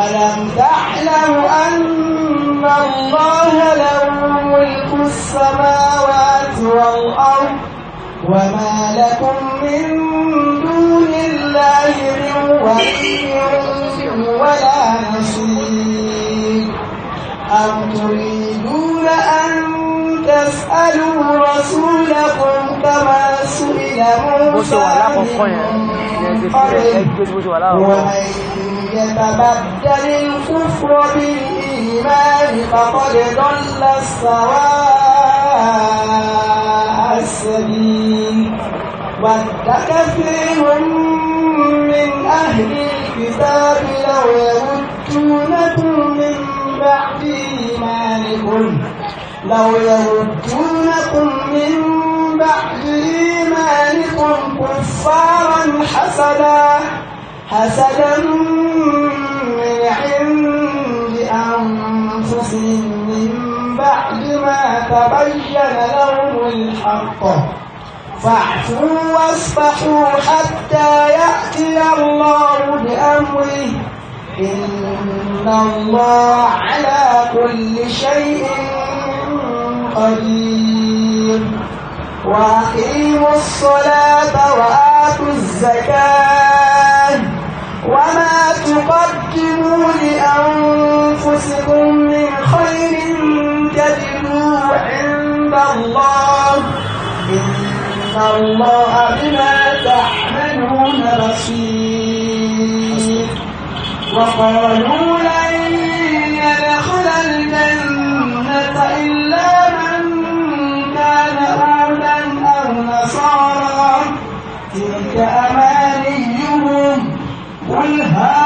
ألم تعلم أن الله له ملك السماوات والأرض وما لكم من دون الله من ولي ولا نصير أم تريدون أن تسألوا رسولكم كما سئل موسى من قبل ومن يتبدل الكفر بالإيمان فقد ضل السواء السبيل ود كثير من أهل الكتاب لو يردونكم من بعد إيمانكم لو يردونكم من بعد إيمانكم كفارا حسدا حسدا من عند أنفسهم من بعد ما تبين لهم الحق فاعفوا واصفحوا حتى يأتي الله بأمره إن الله على كل شيء قدير وأقيموا الصلاة وآتوا الزكاة وما تقدموا لأنفسكم من خير تجدوه عند الله إن الله بما تعملون بصير وقالوا لن يدخل الجنة إلا من كان أولا أو نصارا تلك أمانة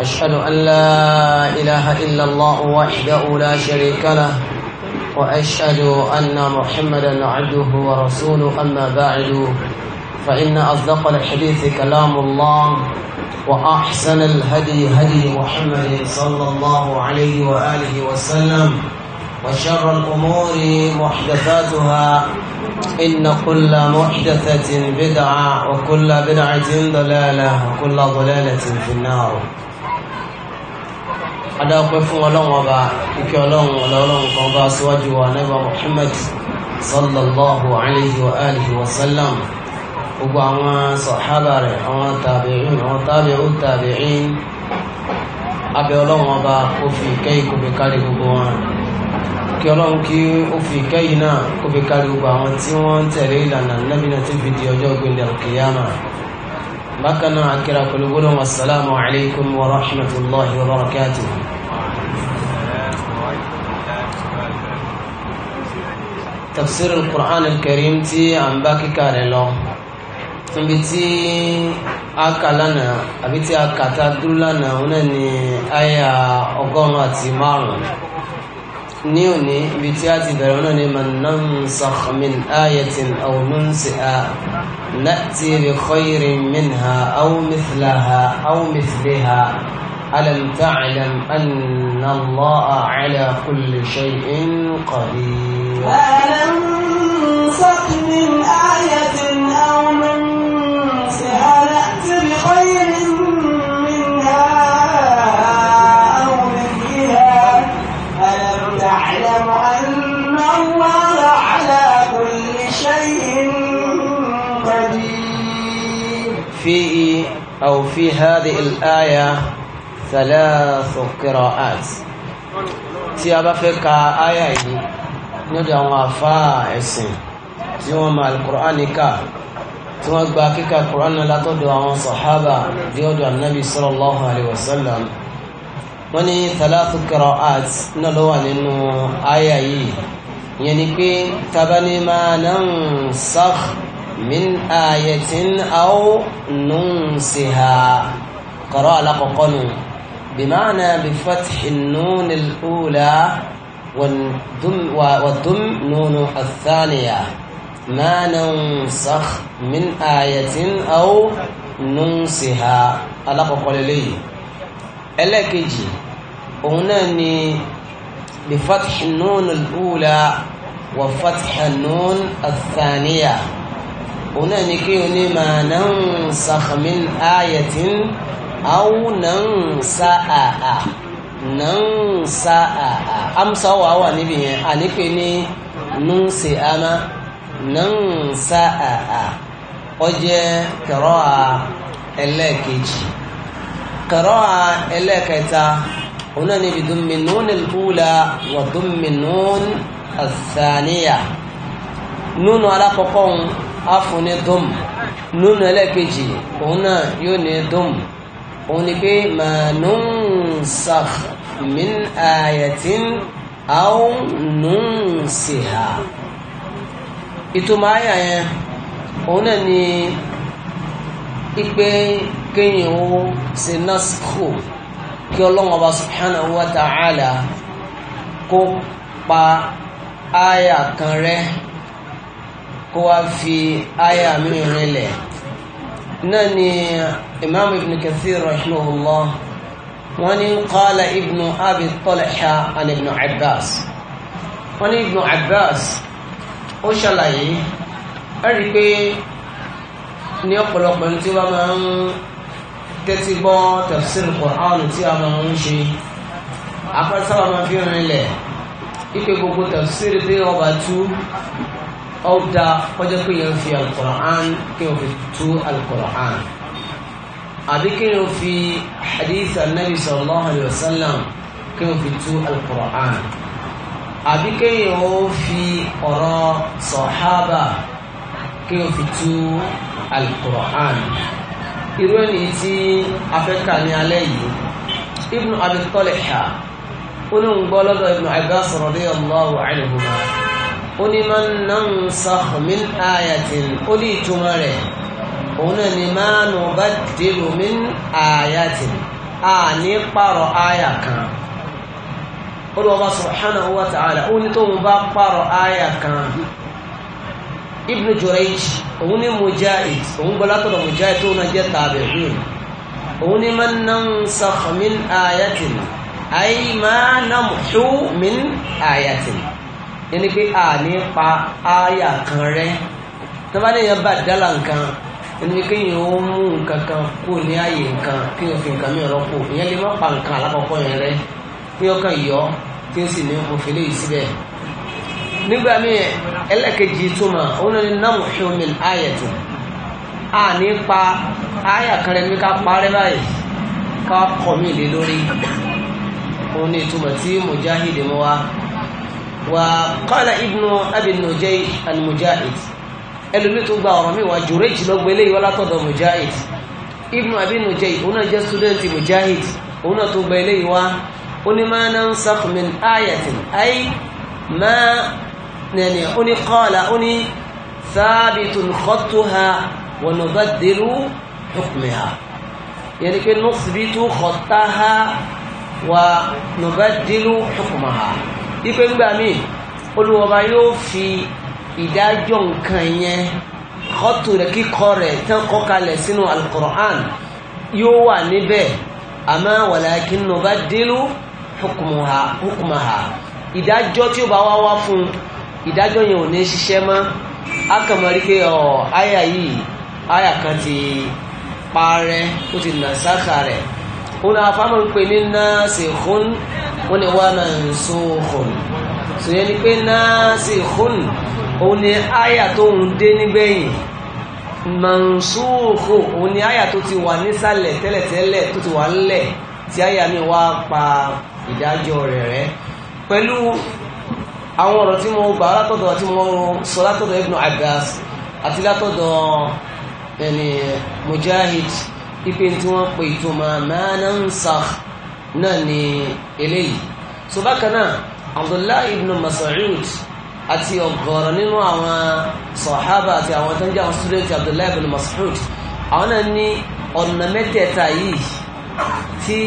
أشهد أن لا إله إلا الله وحده لا شريك له وأشهد أن محمدا عبده ورسوله أما بعد فإن أصدق الحديث كلام الله وأحسن الهدي هدي محمد صلى الله عليه وآله وسلم وشر الأمور محدثاتها إن كل محدثة بدعة وكل بدعة ضلالة وكل ضلالة في النار adáwọ̀pẹ́ fún ọlọ́run ọba ìkẹ́ ọlọ́run ọlọ́run kan bá síwájú wa nígbà Muhammad sallallahu alayhi wa alihi wa sallam gbogbo àwọn sọ̀hábà rẹ̀ àwọn tàbí'in àwọn tàbí'u tàbí'in abẹ́ ọlọ́run ọba ó fi ìkẹ́ yìí kó gbogbo wọn kí ọlọ́run kí ó fi ìkẹ́ yìí náà gbogbo àwọn tí wọ́n tẹ̀lé ìlànà Nábì náà ti fi gbẹ̀lẹ̀ kíyámà bákan náà akíra pẹ̀lú gbọ́dọ̀ wasalaamu alaykum wa rahmatulahi wa barakatuh. tafsir al-qur'an al-karim tí a ń bá kíkà rẹ̀ lọ níbi tí a kà lánàá àbí tí a kà tá dúró lánàá ni àyà ọgọ́rùn-ún àti نيوني بتياتي برونوني من ننسخ من آية أو ننسئ نأتي بخير منها أو مثلها أو مثلها ألم تعلم أن الله على كل شيء قدير ألم ننسخ من آية أو ننسئ نأتي بخير في أو في هذه الآية ثلاث قراءات tí a bá fẹ́ ka àyà yìí nídìí àwọn àfáà ẹ̀sìn tí wọ́n ma alukur'an ká tí wọ́n gba kíka kur'an náà látọ̀dọ̀ àwọn sàhábà dé ọ̀dọ̀ anabi sallallahu alayhi wa sallam wọ́n ní thalathu qira'at náà ló wà nínú àyà yìí ìyẹn ni pé tabani ma nansakh. من آية أو ننسها لقو لققن بمعنى بفتح النون الأولى والدم, نون الثانية ما ننسخ من آية أو ننسها ألقى قول لي ألا كيجي أغناني بفتح النون الأولى وفتح النون الثانية òun náà ni kí o ní máa nansakh min ayatin aw nansa'aha nansa'aha amsa wà wà níbi yẹn ànípe ní nùnsè ama nansa'aha ó jẹ́ kẹ̀rọ́ à ẹlẹ́ẹ̀kejì kẹ̀rọ́ à ẹlẹ́ẹ̀kẹta òun náà ni bidummi nùnì wà dummi nùnì àtàníyà alákọ̀ọ́kọ́ òun afun ní dom nunu ẹlẹ́kejì òun náà yóò ní dom òun ni pé manumsakh min ayatin aw nunsiha ìtumọ̀ àyà yẹn òun náà ni ipe kéèyàn ó ṣe naskho kí ọlọ́run ọba subhanahu wa ta'ala kó pa àyà kan rẹ́ kó wá fi àyà mi rinlẹ̀ náà ni imam ibn kathir rahimahullah wọ́n ní qala ibn abi talha an ibn abbas wọ́n ní ibn abbas ó ṣàlàyé ẹ̀rí pé ní ọ̀pọ̀lọpọ̀ ní tí wọ́n máa ń tẹ́tí gbọ́ tafsir Qur'an tí a máa ń ṣe apá sábà máa fi rinlẹ̀ ipe gbogbo tafsir tí ọba tú ó da kọjá pé yẹn fi alukur'an kí yẹn fi tú alukur'an àbí kí yẹn fi hadith anabi sallallahu alayhi wa sallam kí yẹn fi tú alukur'an àbí kí yẹn ó fi ọ̀rọ̀ sọ̀hábà kí yẹn fi tú alukur'an irú ẹni tí afẹ́ka ní alẹ́ yìí ibnu abi Talha ó ní ń gbọ́ lọ́dọ̀ ibnu Abbas radiyallahu anhuma ó ní máa ń ná ń sàmì àyàtì ó ní ìtumọ̀ rẹ̀ òun náà ni máa nù bá dèrò mí àyàtì a ní pààrọ̀ àyà kan ó ní ọba subhanahu wa ta'ala ó ní tóun bá pààrọ̀ àyà kan Ibn Jurayj òun ní Mujahid òun gbọ́lá tó lọ tó náà jẹ́ tabi'in òun ní máa ná ń sàmì àyàtì ay ma namhu min ayatin yẹn ni pé a ní pa áyà kan rẹ tọ́bálẹ̀ yẹn bá dálà nǹkan yẹn pé yẹn ó mú nǹkan kan kú ní ààyè nǹkan kí yẹn fi nǹkan mìíràn kù ìyẹn lè má pa nǹkan alákọ̀ọ́kọ́ yẹn rẹ kí yẹn kàn yọ kí yẹn sì ní mo fi léyìí síbẹ̀ nígbà míì ẹlẹ́kejì túmọ̀ òun náà ni náà humin ayẹ̀tì a ní pa áyà kan rẹ ní ká parẹ́ báyìí ká kọ̀ mí lé lórí òun ni ìtumọ̀ tí mujahid mú wa. وقال ابن أبي النجي المجاهد ẹlòmí tó gba ọ̀rọ̀ mi wá Jurayj ló gbé léyìí wá látọ̀dọ̀ Mujahid ibn Abi Nujay òun náà jẹ́ student Mujahid òun náà tó gbé léyìí wá ó ní máa náà ń sàkùnmí ayatin ay máa nẹ̀nẹ̀ ó ní qala ó ní thabitun khattuha wa nubaddilu hukmaha yẹni pé nusbitu khattaha wa nubaddilu hukmaha ipe ń gbà mí olùwọ́ba yóò fi ìdájọ́ nǹkan yẹn kọ́tù rẹ̀ kíkọ́ rẹ̀ tán kọ́ kalẹ̀ sínú alukur'an yóò wà níbẹ̀ àmọ́ wàlákin nubaddilu hukmaha ìdájọ́ tí o bá wá wá fún ìdájọ́ yẹn ò ní ṣiṣẹ́ mọ́ a kàn mọ́ rí pé ọ̀ àyà yìí àyà kan ti parẹ́ o ti nà sáka rẹ̀ òun àfáàmù ń pè ní nasikhun wọ́n ní wá mansukhun so yẹn ni pé nasikhun òun ni àyà tó ń dé nígbẹ̀yìn mansukhu òun ni àyà tó ti wà nísàlẹ̀ tẹ́lẹ̀tẹ́lẹ̀ tó ti wà ńlẹ̀ tí àyà mi wá pa ìdájọ́ rẹ̀ rẹ́ pẹ̀lú àwọn ọ̀rọ̀ tí mo bá látọ̀dọ̀ àti mo sọ látọ̀dọ̀ Ibn Abbas àti látọ̀dọ̀ Mujahid ipe tí wọ́n pe ìtumọ̀ máa ń sàkó náà ni eléyìí so bákan náà abdullahi ibn mas'ud àti ọ̀gọ̀rọ̀ nínú àwọn sọ̀hábà àti àwọn tó ń jẹ́ àwọn student abdullahi ibn mas'ud àwọn náà ní ọ̀nà mẹ́tẹ̀ẹ̀ta yìí tí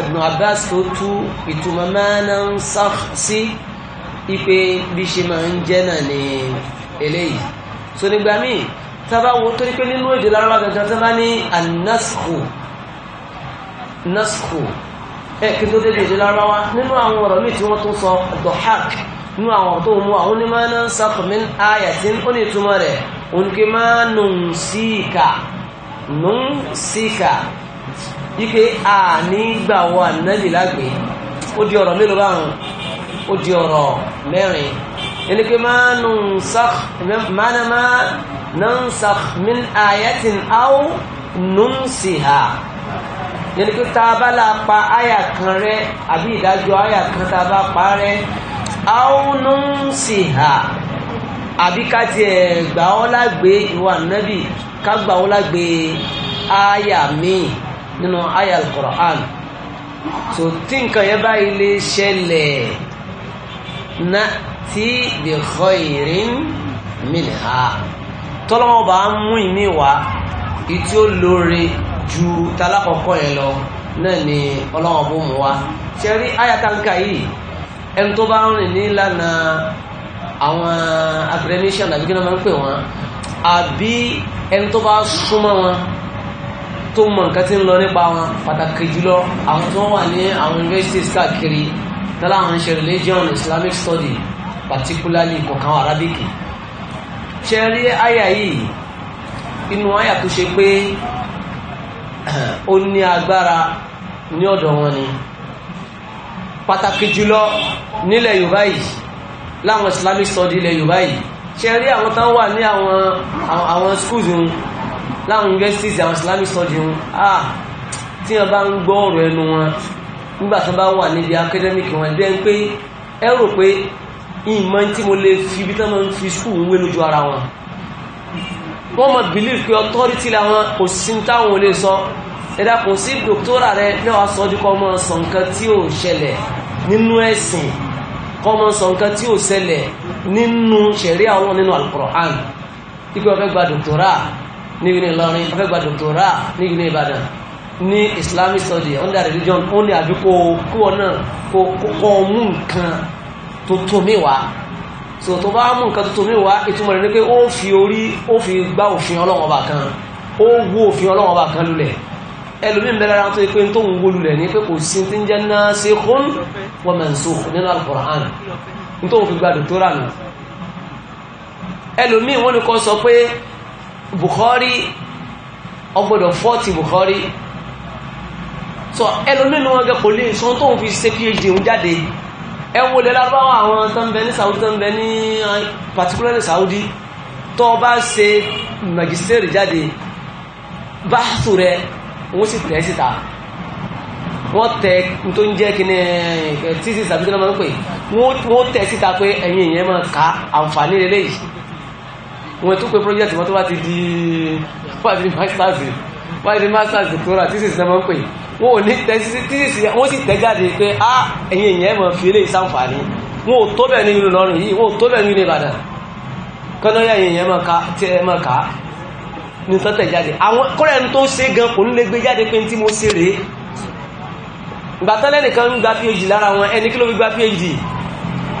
ibn abbas tó tú ìtumọ̀ máa ń sáà sí ipe bí ṣe máa ń jẹ́ náà ni eléyìí so nígbà míì tábà wo torí pé nínú èdè lárúbá gangan tó bá ní anasco nasco ẹ̀kí tó débi ìdí lárọ́wá nínú àwọn ọ̀rọ̀ míì tí wọ́n tún sọ dọ̀hák nínú àwọn ọ̀rọ̀ tó mú àwọn onímọ̀ náà ń sàkùnmín ayatin ó ní ìtumọ̀ rẹ̀ oníke máa nù ń síkà nù ń síkà yíké ànígbàwọ̀ ànábì lágbè ó di ọ̀rọ̀ mélòó báwọn ó di ọ̀rọ̀ mẹ́rin oníke máa nù ń máa nà ń sàkùnmín ayatin áwò nù ń síhà yẹni pé tá a bá la pa àyà kan rẹ àbí ìdájọ́ àyà kan tá a bá pa rẹ àwọnú ń sì hà àbí ká tiẹ̀ gbà ọ́ lágbé ìwà nábì ká gbà ọ́ lágbé àyà míì nínú àyà al-Qur'an tó tí nǹkan yẹn báyìí lè ṣẹlẹ̀ na ti bi khairin minha tọ́lọ́mọba mú ìmí wá ìtí ó lóore ju tálákọ̀ọ́kọ́ yẹn lọ náà ni ọlọ́wọ́n bó mú wa ṣe rí ayatanka yìí ẹni tó bá ń rìn ní ìlànà àwọn academician àbí kí wọ́n máa ń pè wọ́n àbí ẹni tó bá súnmọ́ wọn tó mọ̀ nǹkan tí ń lọ nípa wọn pàtàkì jùlọ àwọn tó wà ní àwọn universities káàkiri tọ́lá àwọn ṣe religion islamic study particularly kọ̀ọ̀kan arabic ṣe rí àyà yìí inú àyà tó ṣe pé ó ní agbára ní ọ̀dọ̀ wọn ni pàtàkì jùlọ nílẹ̀ yorùbá yìí láwọn islamic study ilẹ̀ yorùbá yìí ṣe rí àwọn tán wà ní àwọn àwọn schools wọn láwọn universities àwọn islamic study wọn ah tí wọn bá ń gbọ́ ọ̀rọ̀ ẹnu wọn nígbà tí wọn bá wà níbi academic wọn dẹ́n pé ẹ rò pé ìmọ̀ tí mo lè fi ibi tí wọ́n fi school ń wé lójú ara wọn wọ́n mọ̀ believe pé authority làwọn kò sí táwọn ò lè sọ ẹ̀dá kò sí dòktórà rẹ náà wàá sọ ọdún kọ́ ọmọ sọ nǹkan tí ò ṣẹlẹ̀ nínú ẹ̀sìn kọ́ ọmọ sọ nǹkan tí ò ṣẹlẹ̀ nínú ṣẹ̀rí àwọn nínú alukur'an ikú ọ̀fẹ́ gba dòktórà ní ìlú Ìlọrin ọ̀fẹ́ gba dòktórà ní ìlú Ìbàdàn ní Islamic study under religion only àbí kò kú ọ náà kò kọ́ ọmú nǹkan tó tó mí wá so tó bá mú nǹkan tuntun míì wá ìtumọ̀ rẹ̀ ni pé ó fi orí ó fi gbá òfin ọlọ́run ọba kan ó wó òfin ọlọ́run ọba kan lulẹ̀ ẹlòmíín bẹ́ẹ̀ lára tó pé tó ń wó ni pé kò sí ti ń jẹ́ wa mansukh nínú al-Qur'an nítorí òfin gba dòtórà nù ẹlòmíín wọ́n ní kọ́ sọ pé Bukhari ọgbọ́dọ̀ fọ́ọ̀tì Bukhari so ẹlòmíín wọn gẹ kò lè sọ tó fi ṣe phd ń jáde ẹwọ lè lárúbáwọ̀ àwọn tó ń bẹ ní Saudi tó ń bẹ ní particularly Saudi tó bá ṣe magistrate jáde báṣù rẹ wọ́n sì tẹ̀ síta wọ́n tẹ̀ tó ń jẹ́ kí ni títí tàbí tó máa ń pè wọ́n tẹ̀ síta pé ẹ̀yin ìyẹn máa ka àǹfààní lélẹ́yìí wọ́n tún pé project wọn tó bá ti di wọ́n ti di masters wọ́n ti di masters doctoral títí tàbí tó máa ń pè wọn ò ní tẹ́sí tíìsì wọ́n sì tẹ́ jáde pé á ẹ̀yìn èèyàn mọ̀ fi eléyìí sáǹfààní wọn ò tó bẹ̀ ní ìlú lọ́rùn yìí wọn ò tó bẹ̀ ní ìlú Ìbàdàn kọ́nà yà èèyàn mọ̀ ká tí ẹ mọ̀ ká ní tọ́tẹ̀ jáde àwọn kọ́rẹ́ ẹni tó ṣe gan kò ní lè gbé jáde pé tí mo ṣe rèé ìgbà tẹ́lẹ̀ nìkan ń gba phd lára wọn ẹni kí ló fi gba phd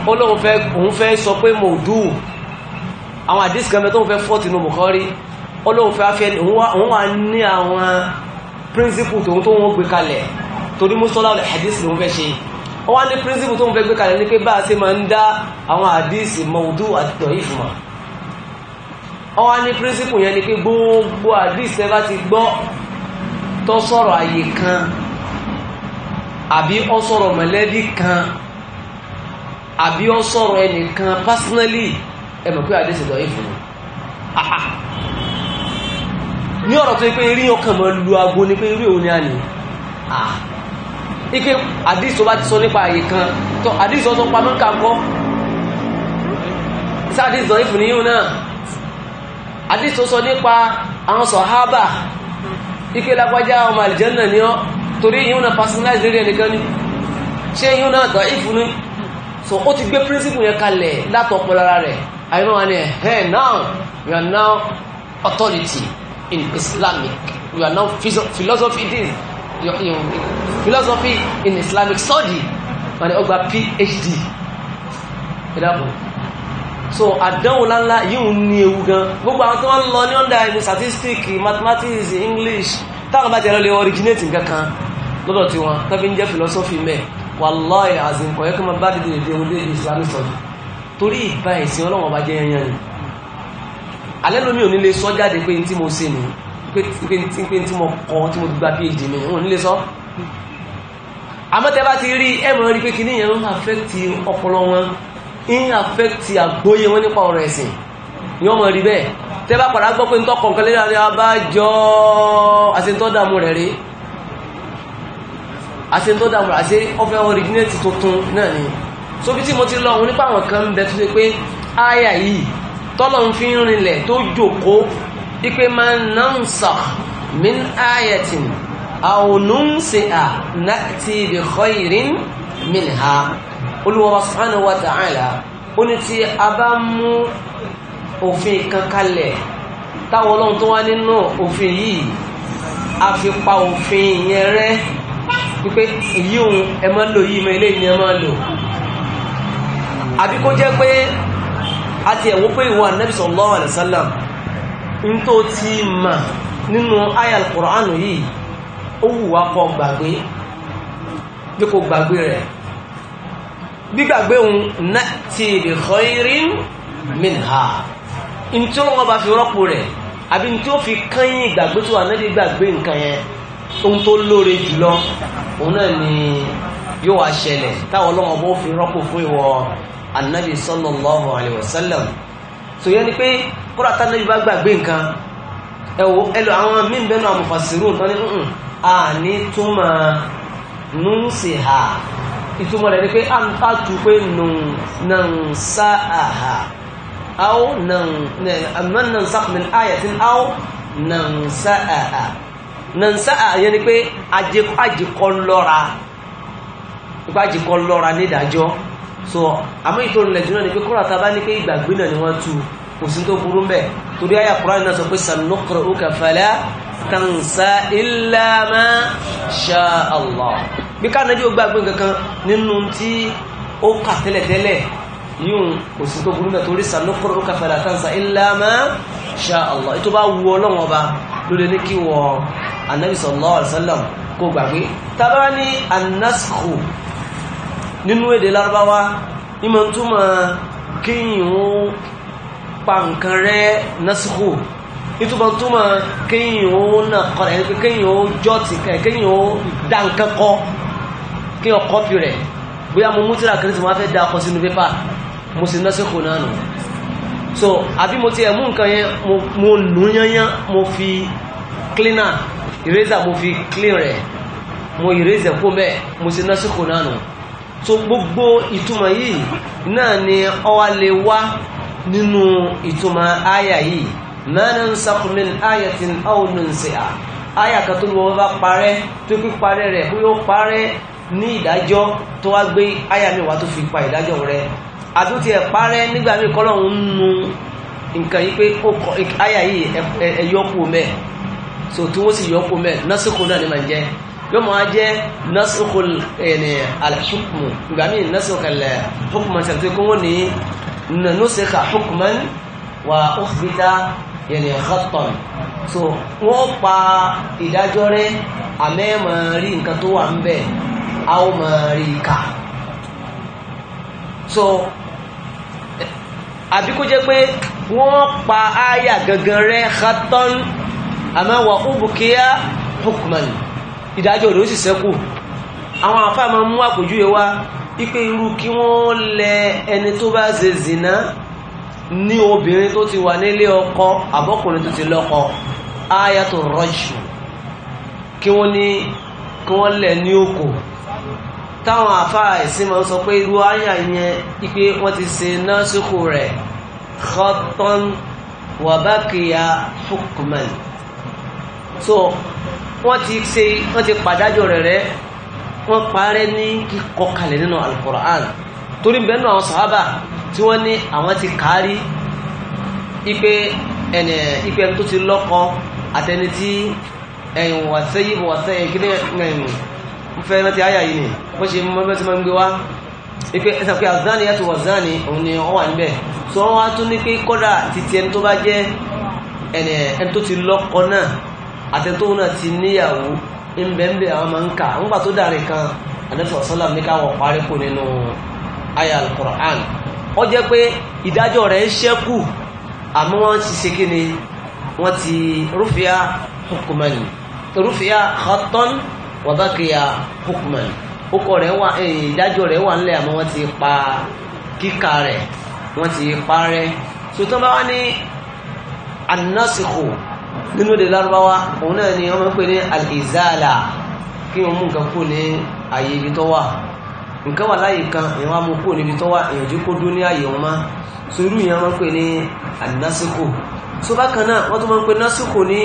ó lóun fẹ́ òun fẹ́ sọ pé mo dù àwọn àdìsí kan mẹ́tọ́ òun fẹ́ fọ́ọ̀tì nù Bukhari ó lóun fẹ́ òun wà ní àwọn principle tòun tó wọ́n gbé kalẹ̀ torí mọ́sọ́lá ọ̀lẹ̀ hadith ló ń fẹ́ ṣe wọ́n wá ní principle tó ń fẹ́ gbé kalẹ̀ ní pé bá a ṣe máa ń dá àwọn hadith mọ̀ọ́dú àti da'if mọ̀ wọ́n wá ní principle yẹn ni pé gbogbo hadith ẹ bá ti gbọ́ tó sọ̀rọ̀ àyè kan àbí ó sọ̀rọ̀ mọ̀lẹ́bí kan àbí ó sọ̀rọ̀ ẹnìkan personally ẹ mọ̀ pé hadith da'if mọ̀ ní ọ̀rọ̀ tó pé eré ọkàn mọ́ lu aago ni pé eré òun ni a nì ah ike àdìsọ bá ti sọ nípa àyè kan tó àdìsọ tó pamọ́ ká kọ́ sáàdìsọ ìfúnníyàn náà àdìsọ sọ nípa àwọn sọ̀hábà ike lágbájá ọmọ àlìjẹ́nà ni ọ́ torí yíò náà personalize lórí ẹnìkan ní ṣé yíò náà tọ́ ìfún ní so ó ti gbé principle yẹn kalẹ̀ látọ̀pọ̀ lára rẹ̀ àìmọ́ wa ni ẹ̀ now we are now authority in Islamic. We are now philosophy this. You, you, philosophy in Islamic study. Wọ́n the ọgbà PhD. Ìdáàbò. So àdánwò ńláńlá yíò ní ewu gan. Gbogbo àwọn tó wọ́n lọ ní ọ̀dà ìlú statistics, mathematics, English, táwọn bá jẹ́ lọ lè originate nǹkan kan lọ́dọ̀ tí wọn tó fi ń jẹ́ philosophy mẹ́. Wallahi àzìnkọ̀ yẹ kí wọ́n bá dìde ìdí Islamic study. Torí ìbá ìsìn ọlọ́wọ́n bá jẹ́ yẹn ni alẹ́ lómi ò ní lè sọ jáde pé tí mo ṣe ní pé tí mo kọ́ tí mo gba phd mi ò ní lè sọ àmọ́tẹ́ bá ti rí ẹ̀mọ̀ rí pé kìíní yẹn ń àfẹ́kì ọpọlọ wọn ń àfẹ́kì àgbóyé wọn nípa ọ̀rọ̀ ẹ̀sìn ni wọ́n mọ̀ rí bẹ́ẹ̀ tẹ́ bá padà gbọ́ pé ń tọkọ̀ nǹkan lẹ́yìn àwọn abájọ́ àṣetọ́dàmú rẹ̀ rí àṣetọ́dàmú àṣe ọ̀fẹ́ ọ̀rìjínẹ́tì tuntun náà ni so bí tí mo ti lọ òun nípa àwọn kan ń bẹ tó ṣe pé áyà yìí tọ́lọ̀ ń fi rinlẹ̀ tó jòkó ipe máa ń nánsà min ayatin àwònúnsìá náti bi khairin minha olùwọ́wọ́ subhanahu wa ta'ala ó ní tí a bá mú òfin kan kalẹ̀ táwọn ọlọ́run tó wá nínú òfin yìí a fi pa òfin yẹn rẹ́ wípé èyí òun ẹ lò yìí mọ ni ẹ lò àbí jẹ́ pé àti ẹ̀wọ́ pé ìwọ ànábì sallallahu alaihi wasallam ń tó ti mà nínú àyà alkùránù yìí ó wù wá kọ gbàgbé bí kò gbàgbé rẹ̀ gbígbàgbé òun na'ti bi khairin ohun náà ni yóò wá ṣẹlẹ̀ anabi sallallahu alayhi wa sallam so yẹn ni pé kóra tá anabi bá gbàgbé nǹkan ẹ wo ẹlò àwọn míì bẹ́ẹ̀ ni mufassirun tán ní nǹkan àní túmọ̀ nùnsìhà ìtumọ̀ rẹ̀ ni pé àǹtà tù pé nùnsàáhà aw nàǹsàk min ayatin aw nàǹsàáhà aje yẹn ni pé aje lọ́ra ìpàjikọ́ lọ́ra nídàájọ́ so àmọ́ ìtò ìrìnlẹ̀ jùlọ ni pé kọ́ra ta bá ní pé ìgbàgbé náà ni wọ́n tu kò sí tó burú mbẹ̀ torí àyà Kùránì náà sọ pé sanuqra'uka fala tansa illa ma sha Allah bí ká nàìjíríà gbàgbé kankan nínú tí ó kà tẹ́lẹ̀tẹ́lẹ̀ yíò kò sí tó burú mbẹ̀ torí sanuqra'uka fala tansa illa ma sha Allah ètò bá wu ọlọ́wọ́n ọba lórí ní kí wọ Ànábì sallallahu alaihi wasallam kó gbàgbé nínú èdè lárúbáwá ìmọ̀ túmọ̀ kéyìn ó pa nǹkan rẹ̀ násìkò ìtumọ̀ túmọ̀ kéyìn ó nà kọ̀rẹ̀ kéyìn ó jọ́tì kéyìn ó dá nǹkan kọ́ kí ọ kọ́pì rẹ̀ bóyá mo mú tíra kérésì máa fẹ́ da ọkọ̀ sínú pépà mo sì násìkò náà nù so àbí mo ti ẹ̀ mú nǹkan yẹn mo nù yányán mo fi cleaner eraser mo fi clean rẹ̀ mo eraser kó mẹ́ẹ̀ mo sì násìkò náà nù so gbogbo ìtumọ̀ yìí náà ni ọwá lè wá nínú ìtumọ̀ àyà yìí mẹ́rin ń sàkùnmín àyà tí ó nù ń se à àyà kan tó lọ bá parẹ́ tó kí parẹ́ rẹ̀ kó yóò parẹ́ ní ìdájọ́ tó wá gbé àyà mi wá tó fi pa ìdájọ́ rẹ̀ àtúntì ẹ̀ parẹ́ nígbà míì kọ́lọ́hún ń nu nǹkan yìí pé àyà yìí ẹ̀yọ́kù mẹ́ so tí wọ́n sì yọ́kù mẹ́ násìkò náà ni màá jẹ́ yóò máa jẹ́ nasukul ẹni alhukumu ìgbà míì nasukul hukuman ṣàtúnṣe kó wọ́n ní nanusika hukuman wa ukhbita yẹni khattan so wọ́n pa ìdájọ́ rẹ àmẹ́ máa rí nǹkan tó wà ń bẹ̀ a máa rí kà so àbí kó jẹ́ pé wọ́n pa áyà gangan rẹ khattan àmọ́ wà ó hukuman ìdájọ́ rẹ̀ ó sì sẹ́kù àwọn àfáà máa mú àpòjúwe wá ipe irú kí wọ́n lẹ ẹni tó bá ṣe zìnà ní obìnrin tó ti wà nílé ọkọ àbọ́kùnrin tó ti lọ́kọ ayatu rajmu kí wọ́n ní kí wọ́n lẹ̀ ní òkò táwọn àfáà ẹ̀sìn máa sọ pé irú àyà yẹn ipe wọ́n ti ṣe násìkò rẹ̀ khatan wa baqiya so wọ́n ti ṣe wọ́n ti pàdájọ́ rẹ̀ rẹ́ wọ́n parẹ́ ní kíkọ kalẹ̀ nínú alukoran torí bẹ́ẹ̀ náà àwọn sàhábà tí wọ́n ní àwọn ti kárí ipe ẹnẹ ipe tó ti lọ́kọ àtẹni tí ẹ̀yìn wàṣẹ́ yìí wàṣẹ́ yìí kí ni ẹ̀yìn ń fẹ́ rántí àyà yìí ni wọ́n ṣe mọ́ bẹ́ẹ̀ tí wọ́n ń gbé wá ipe ẹsẹ̀ pé azani yàtọ̀ wàzani òun ni wọ́n wà níbẹ̀ tó wọ́n wá tún ní pé kọ́dà títí ẹni tó bá jẹ́ ẹni tó ti lọ́kọ náà àtẹ̀tọ́ náà ti níyàwó ńbẹ̀ńbẹ̀ àwọn máa ń kà ńgbà tó dàrí kan àdẹ́sọ̀ sọ́làm ní káwọn parí kò nínú aya al-Qur'an ó jẹ́ pé ìdájọ́ rẹ̀ ṣẹ́kù àmọ́ wọ́n ti ṣe kí ni wọ́n ti rúfìá hukumani rúfìá khattan wa baqiya hukumani ókọ̀ rẹ̀ wà eh, ìdájọ́ rẹ̀ wà ńlẹ̀ àmọ́ wọ́n ti pa kíkà rẹ̀ wọ́n ti parẹ́ sotọ́ bá wá nínú èdè lárúbáwá òun náà ni wọ́n máa ń pè ní al-izala kí wọ́n mú nǹkan kú ní ààyè ibi tó wà nǹkan wà láyè kan èèyàn wá mú kú níbi tó wà èèyàn jí kó dún ní ààyè wọn má so irú yẹn wọ́n pè ní anásìkò so bákan náà wọ́n tún máa ń pè násìkò ní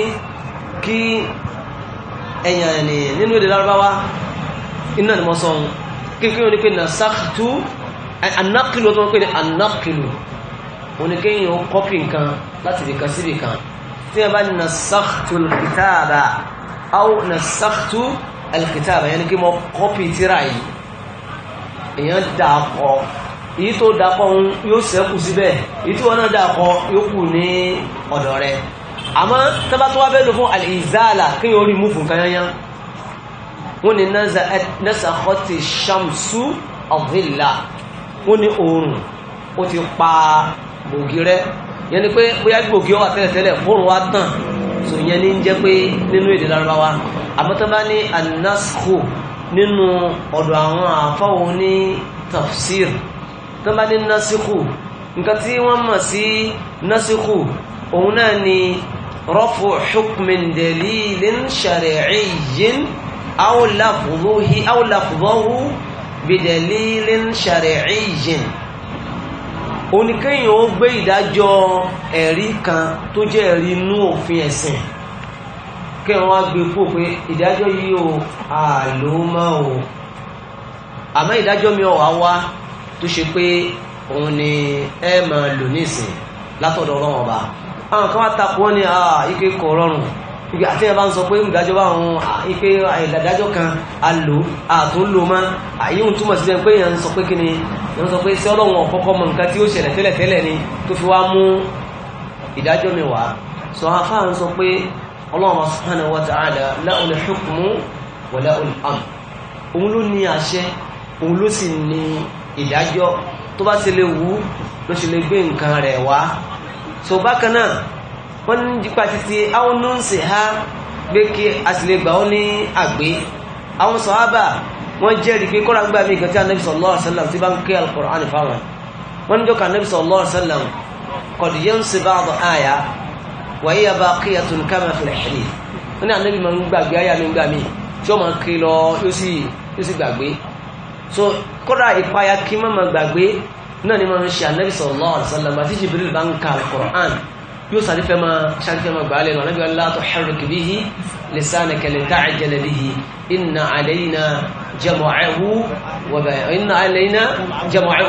kí ẹ̀yàn ni nínú èdè lárúbáwá iná ni mo sọ ohun kí kí wọ́n ní pé nasakitu anákìlú wọ́n tún máa ń pè ní anákìlú òun ni kéèyàn kọ́pì nǹkan láti tí a bá ní nasakhtu alkitaba aw nasakhtu alkitaba yẹn ni kí mo kọ́pì tíra yìí èèyàn dàpọ̀ èyí tó dàpọ̀ yóò sẹ́kù síbẹ̀ èyí tí wọ́n náà dàpọ̀ yóò kù ní ọ̀dọ̀ rẹ̀ àmọ́ tọ́bá tó wá bẹ́ lò fún alìzáàlà kí yóò rí mú fún kanyanya wọ́n ni eh, nasakhati shamsu adhilla wọ́n ni oòrùn ó ti pa bògì rẹ̀ yẹn ni pé bóyá gbòógì ọwà tẹ́lẹ̀tẹ́lẹ̀ fóònù wa tàn so yẹn ni ń jẹ́ pé nínú èdè Lárúbáwá àmọ́ tó bá ní anasco nínú ọ̀dọ̀ àwọn àfáwọn ní tafsir tó bá ní nasiku nǹkan tí wọ́n mọ̀ sí nasiku òun náà ni rọ́fù hukmin dalilin shari'iyyin aw lafdhuhu bi dalilin shari'iyyin òun ni kéèyàn ó gbé ìdájọ́ ẹ̀rí kan tó jẹ́ ẹ̀rí inú òfin ẹ̀sìn kéèyàn wá gbé kó pé ìdájọ́ yìí ò àlò mọ́ o àmọ́ ìdájọ́ mi ò wá wá tó ṣe pé òun ni ẹ máa lò nísìn látọ̀dọ̀ ọlọ́wọ́n ọba àwọn kan wá takò wọ́n ní ah, ike kò rọrùn ibi àti ẹ̀bá ń sọ pé ìdájọ́ bá wọn ipe ìdájọ́ kan alò àtúnlò mọ́ àyíhun túmọ̀ sí pé èèyàn ń sọ pé kí ni èèyàn sọ pé sí ọlọ́run ọ̀kọ́kọ́ mọ nǹkan tí ó ṣẹlẹ̀ tẹ́lẹ̀ tẹ́lẹ̀ ni tó fi wá mú ìdájọ́ mi wá sọ afá ń sọ pé ọlọ́run subhanahu wa ta'ala la'ul hukmu wa la'ul amr òun ló ní àṣẹ òun ló sì ní ìdájọ́ tó bá ti lè wú ló sì lè gbé nǹkan rẹ̀ wá so bákan náà wọ́n ní jípa títí àwọn nọ́ọ̀sì ha gbé kí àtìlẹ́gbà ó ní àgbé àwọn sọ̀hábà wọ́n jẹ́rìí pé kọ́ra ń gbà mí ìkàtí ànábì sallallahu alaihi wasallam tí bá ń ké al-Qur'an fáwọn wọ́n ní jọ́ka ànábì sallallahu alaihi wasallam qad yansi ba'd aya wa hiya baqiyatun kama fil hadith wọ́n máa ń gbàgbé àyà mi gbà máa ń gbàgbé so kọ́ra ìpayà kí má máa gbàgbé náà ni máa ń ṣe ànábì sallallahu alaihi wasallam yóò sàrífẹ́ ma sàrífẹ́ ma gbà lẹ́nu anábíwá látọ̀ hẹ́rùkì bí i lẹ́sánà kẹlẹ̀tà àjẹlẹ̀ bí i iná àlẹ́yìnà jẹmọ̀ẹ́hu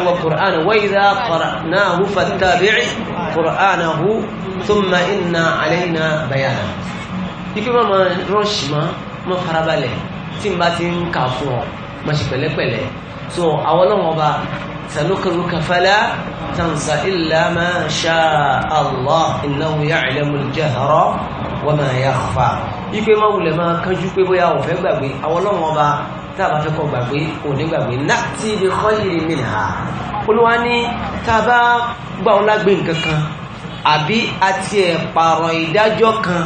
wa ƙùránà wáyíza ƙùránahu fattabi'i ƙùránahu thumma iná àlẹ́yìnà bayana ife ma ma rush ma ma farabalẹ̀ tí n bá ti ń kà fún ọ ma ṣe pẹ̀lẹ́pẹ̀lẹ́ so àwọn ọlọ́wọ́ ba سنكرك فلا تنسى إلا ما شاء الله إنه يعلم الجهر وما يخفى ipe ma wulẹ̀ máa kánjú pé bóyá ò fẹ́ gbàgbé àwọn ọlọ́run ọba tá a bá fẹ́ kọ́ gbàgbé ò ní gbàgbé láti ibi khayri minha olúwa ní tá a bá gbà ọ́ lágbé nǹkan kan àbí àti ẹ̀ ìdájọ́ kan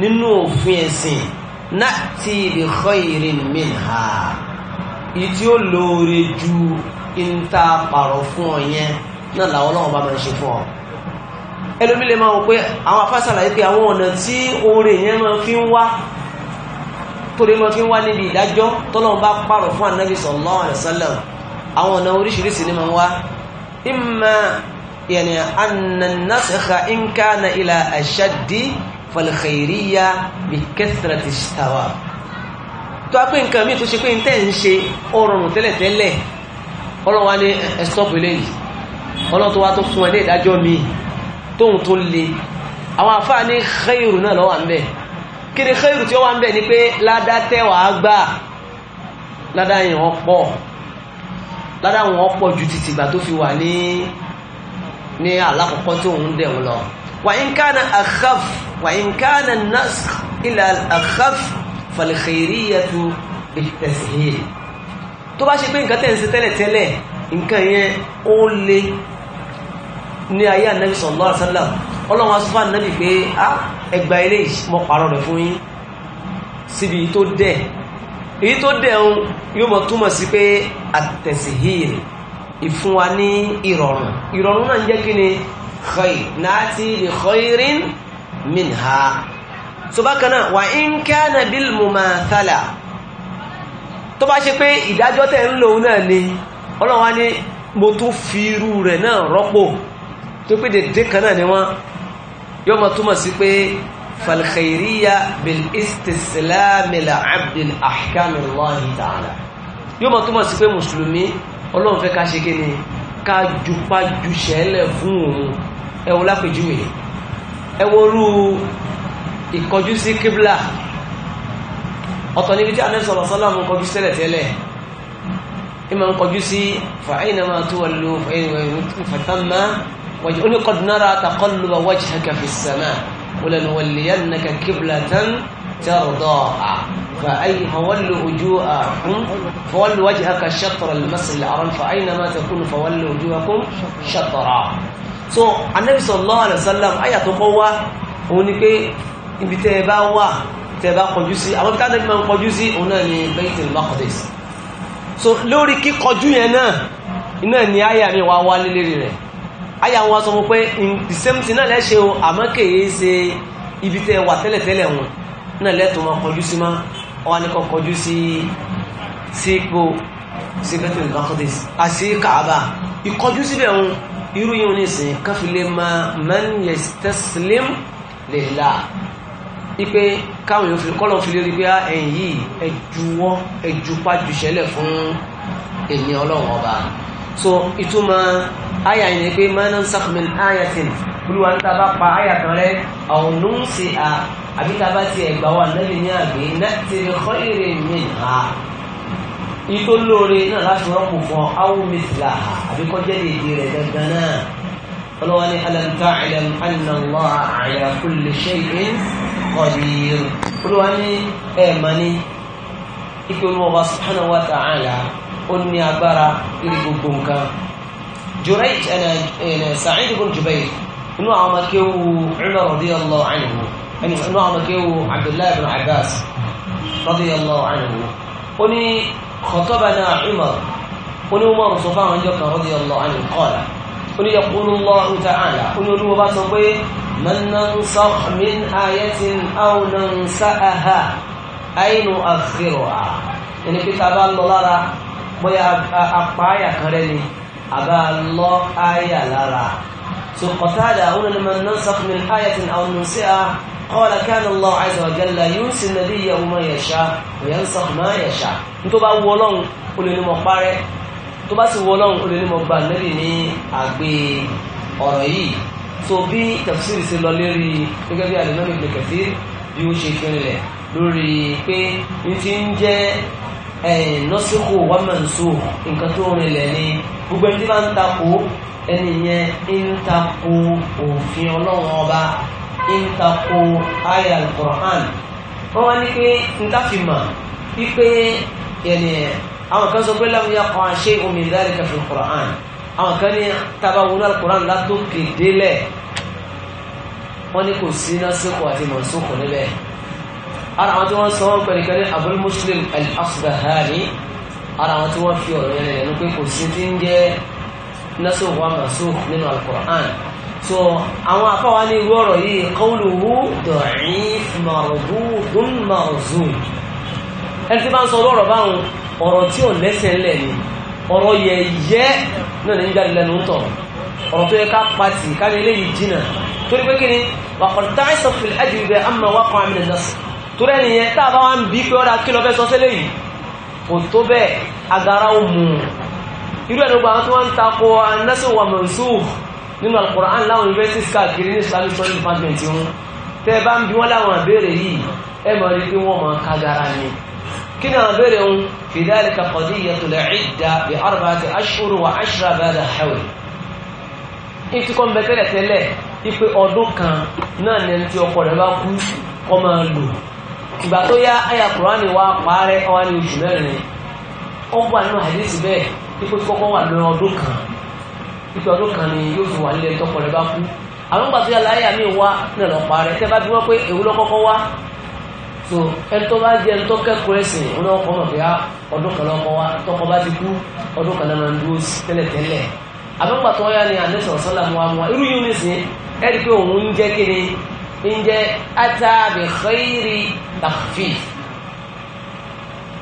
nínú òfin ẹ̀sìn láti ibi khayri minha èyí tí ó lóore ju ń ta pààrọ̀ fún ọ yẹn náà làwọn ọlọ́run bá máa ń ṣe fún ọ ẹlòmí lè máa wò pé àwọn afásàlàyé pé àwọn ọ̀nà tí oore yẹn máa fi ń wá tó lè máa fi ń wá níbi ìdájọ́ tọ́lọ́run bá pààrọ̀ fún ànábì sallallahu alaihi wasallam àwọn ọ̀nà oríṣiríṣi ni máa ń wá imma yani anna an-nasakha in kana ila ashaddi falkhairiyya bi kathrati tó a pé nǹkan míì tó ṣe pé ń tẹ̀ ń ṣe ọ̀rọ̀ tẹ́lẹ̀tẹ́lẹ̀ ọlọ́run wá ní ẹ̀sọ́pù eléyìí ọlọ́run tó wá tó fún ẹ ní ìdájọ́ mi tóun tó le àwọn àfáà ní khairu náà lọ́wọ́ à ń bẹ̀ kí ni khairu tí ó wà ń bẹ̀ ni pé ládá tẹ́wàá gbà ládá yẹn wọ́n pọ̀ ládá wọn pọ̀ ju títí ìgbà tó fi wà ní ní alákọ̀ọ́kọ́ tó ń dẹ̀ wọn lọ wà ń kánà akhaf wà ń kánà nasx ila akhaf fal tó bá ṣe pé nǹkan tẹ̀ ń ṣe tẹ́lẹ̀tẹ́lẹ̀ nǹkan yẹn ó le ní ayé ànábì sallallahu alaihi wasallam ọlọ́run asúfà ànábì pé á ẹgbà ilé mọ́ pàrọ̀ rẹ̀ fún yín síbi tó dẹ̀ èyí tó dẹ̀ ń yóò mọ̀ túmọ̀ sí pé at-tasheel ìfún wa ní ìrọ̀rùn ìrọ̀rùn náà ń jẹ́ kí ni khayr na'ti bi khayrin minha so bákan náà wa in kana bil mumathala tó bá ṣe pé ìdájọ́ tẹ̀ ń lòun náà ni ọlọ́run wá ní mo tún fi irú rẹ̀ náà rọ́pò tó pé dédé kan náà ni wọ́n yóò máa túmọ̀ sí pé falkhairiya bil istislamil abdil ahkamillahi ta'ala yóò máa túmọ̀ sí ìkọjú sí kíblà ọ̀tọ̀ níbi tí Ànábì sallallahu alaihi wasallam kọjú sílẹ̀ tẹ́lẹ̀ ìmọ̀ ń kọjú sí fa aynama tuwallu fathamma wajhu ó ní qad nara taqalluba wajhaka fis samaa walanuwalliyannaka qiblatan ترضاها فأين فولوا وجوهكم فولوا وجهك شطر المسجد الحرام فأينما تكونوا صلى الله عليه وسلم آية قوة ونكي ibi tẹ́ ẹ bá wà tẹ bá kọjú sí àwọn tí káàdé máa ń kọjú sí òun náà ni Baitul Maqdis so lórí kíkọjú yẹn náà iná ni àyà mi wá wá lé lérí rẹ̀ àyà wọn sọ fún pé the same thing náà lẹ́ṣẹ̀ o àmọ́ kèye ṣe ibi tẹ wà tẹ́lẹ̀tẹ́lẹ̀ wọn náà lẹ́tọ̀ọ́ máa kọjú sí máa wọn ni kò kọjú sí sí ipò sí Baitul Maqdis àti Kaaba ìkọjú síbẹ̀ wọn irú yìí wọn ní ìsìn káfílẹ̀ máa man ipe káwọn yóò fi kọ́lọ̀ fi lérí pé ah, ẹ̀yìn yìí ẹ̀júwọ́ ẹ̀júpájú ṣẹlẹ̀ fún èmi ọlọ́run ọba so ìtumọ̀ àyà yìí ni pé manan sakmin ayatin olúwa níta bá pa àyà kan rẹ àwọn òun ṣe à àbí tá a bá ti ẹ̀gbà wà lẹ́nu ní àgbé náà ti lè kọ́ èrè mi ha ìtò lóore náà láti rọ́pò fún àwọn mìsìlá àbí kọjá èdè rẹ̀ gangan náà ọlọ́wọ́ ní alam ta'lam anna Allah ala kulli shay'in qadir olúwa ní ẹ̀ẹ̀mà ní ike olúwa subhanahu wa ta'ala ó ní agbára lórí gbogbo nǹkan Jurayj ẹ̀nà Sa'id ibn Jubayr inú àwọn ọmọkéwu Umar radiyallahu anhu ẹni inú àwọn ọmọkéwu Abdullahi ibn Abbas radiyallahu anhu ó ní khatabana Umar ó ní Umar sọ fáwọn ẹjọ́ kan radiyallahu anhu qala ó ní yaqulu Allahu ta'ala ó ní olúwa bá sọ pé من ننسخ من آية أو ننسأها أي نؤخرها يعني كتاب الله لرا بويا أقايا كرني أبا الله آية لرا سقطادا أولا من ننسخ من آية أو ننسئها قال كان الله عز وجل ينسي النبي ما يشاء وينسخ ما يشاء انتو بقى ولون قولي لما قارئ tó bá sì wọ ọlọ́run olè ní mo gba nẹ́bì so bí tafsiri ṣe lọ lérí gẹ́gẹ́ bí alimami ibn Kathir bí ó ṣe fún ilẹ̀ lórí pé n ti ń jẹ́ nọ́síkò wàmẹ̀nsó nǹkan tó rinlẹ̀ ni gbogbo ẹni tí bá ń takò ẹni yẹn ń takò òfin ọlọ́run ọba ń takò àyà al wọ́n wá ní pé n káfíìmọ̀ wípé yẹn ni àwọn kan sọ pé lam yaqa shay'un min dhalika fil Qur'an àwọn kan ní tábà wọnú alukoran látòkè délẹ̀ wọ́n ní kò sí násìkò àti mọ̀nsókò níbẹ̀ ara àwọn tí wọ́n sọ wọn pẹ̀lú kẹrin Abul Muslim al-Asbahani ara àwọn tí wọ́n fi ọ̀rọ̀ yẹn lẹ́nu pé kò sí ti ń jẹ́ násìkò àmọ̀ sókò nínú alukoran so àwọn afáwa ní irú ọ̀rọ̀ yìí qawluhu da'if mardudun marzun ẹni tí bá ń sọ ọ̀rọ̀ báwọn ọ̀rọ̀ tí ò lẹ́sẹ̀ ńlẹ̀ ọ̀rọ̀ yẹ̀yẹ́ náà ní jáde lẹ́nu ń tọ̀ ọ̀rọ̀ tó yẹ ká pàtì ká lè léyìí jìnà torí pé kí ni wàkọ̀tà ìsọ̀fìlì ẹ̀jẹ̀ ibẹ̀ àmà wákan àmì nẹ̀sì torí ẹni yẹn tá a bá wà ń bí pé ọ̀dà kí lọ fẹ́ sọ sílẹ̀ yìí kò tó bẹ́ẹ̀ agara ó mú un irú ẹ̀dùn ń takò anásù ní kí ni àwọn béèrè ń fi dhalika qadiyatul idda bi arba'ati ashhur wa ashra ba'da hawl ìtì kan bẹ tẹ́lẹ̀ tẹ́lẹ̀ ipe ọdún kan náà ní ẹni tí ọkọ rẹ̀ bá kú kọ́ máa lò ìgbà tó yá àyà kùránì wa pààrẹ ọwá ní oṣù mẹ́rin ó wà nínú àdéhìsì bẹ́ẹ̀ ipe kọ́kọ́ wà ní ọdún kan ipe ọdún kan ni yóò fi wà nílẹ̀ tọkọ rẹ̀ bá kú àwọn ìgbà tó yá láyà mi wá nílẹ̀ lọ pààrẹ tẹ́ bá bí wọ́n pé èwo lọ́kọ́kọ́ wá so ẹtọ́ bá jẹ́ ẹtọ́ kẹ́kọ̀ọ́ ẹ̀sìn ọ̀nà ọkọ̀ náà fi á ah, ọdún kan lọ́kọ́ wa tọkọ bá ti kú ọdún kan náà ń dúró tẹ́lẹ̀tẹ́lẹ̀ àbẹ́pàtọ́ ya ni àdẹ́sọ̀ sọ́là mu amú wa irú yìí ní sìn ẹ́ rí i pé òun ń jẹ́ kíni ń jẹ́ átàbí xeyiri tàfíf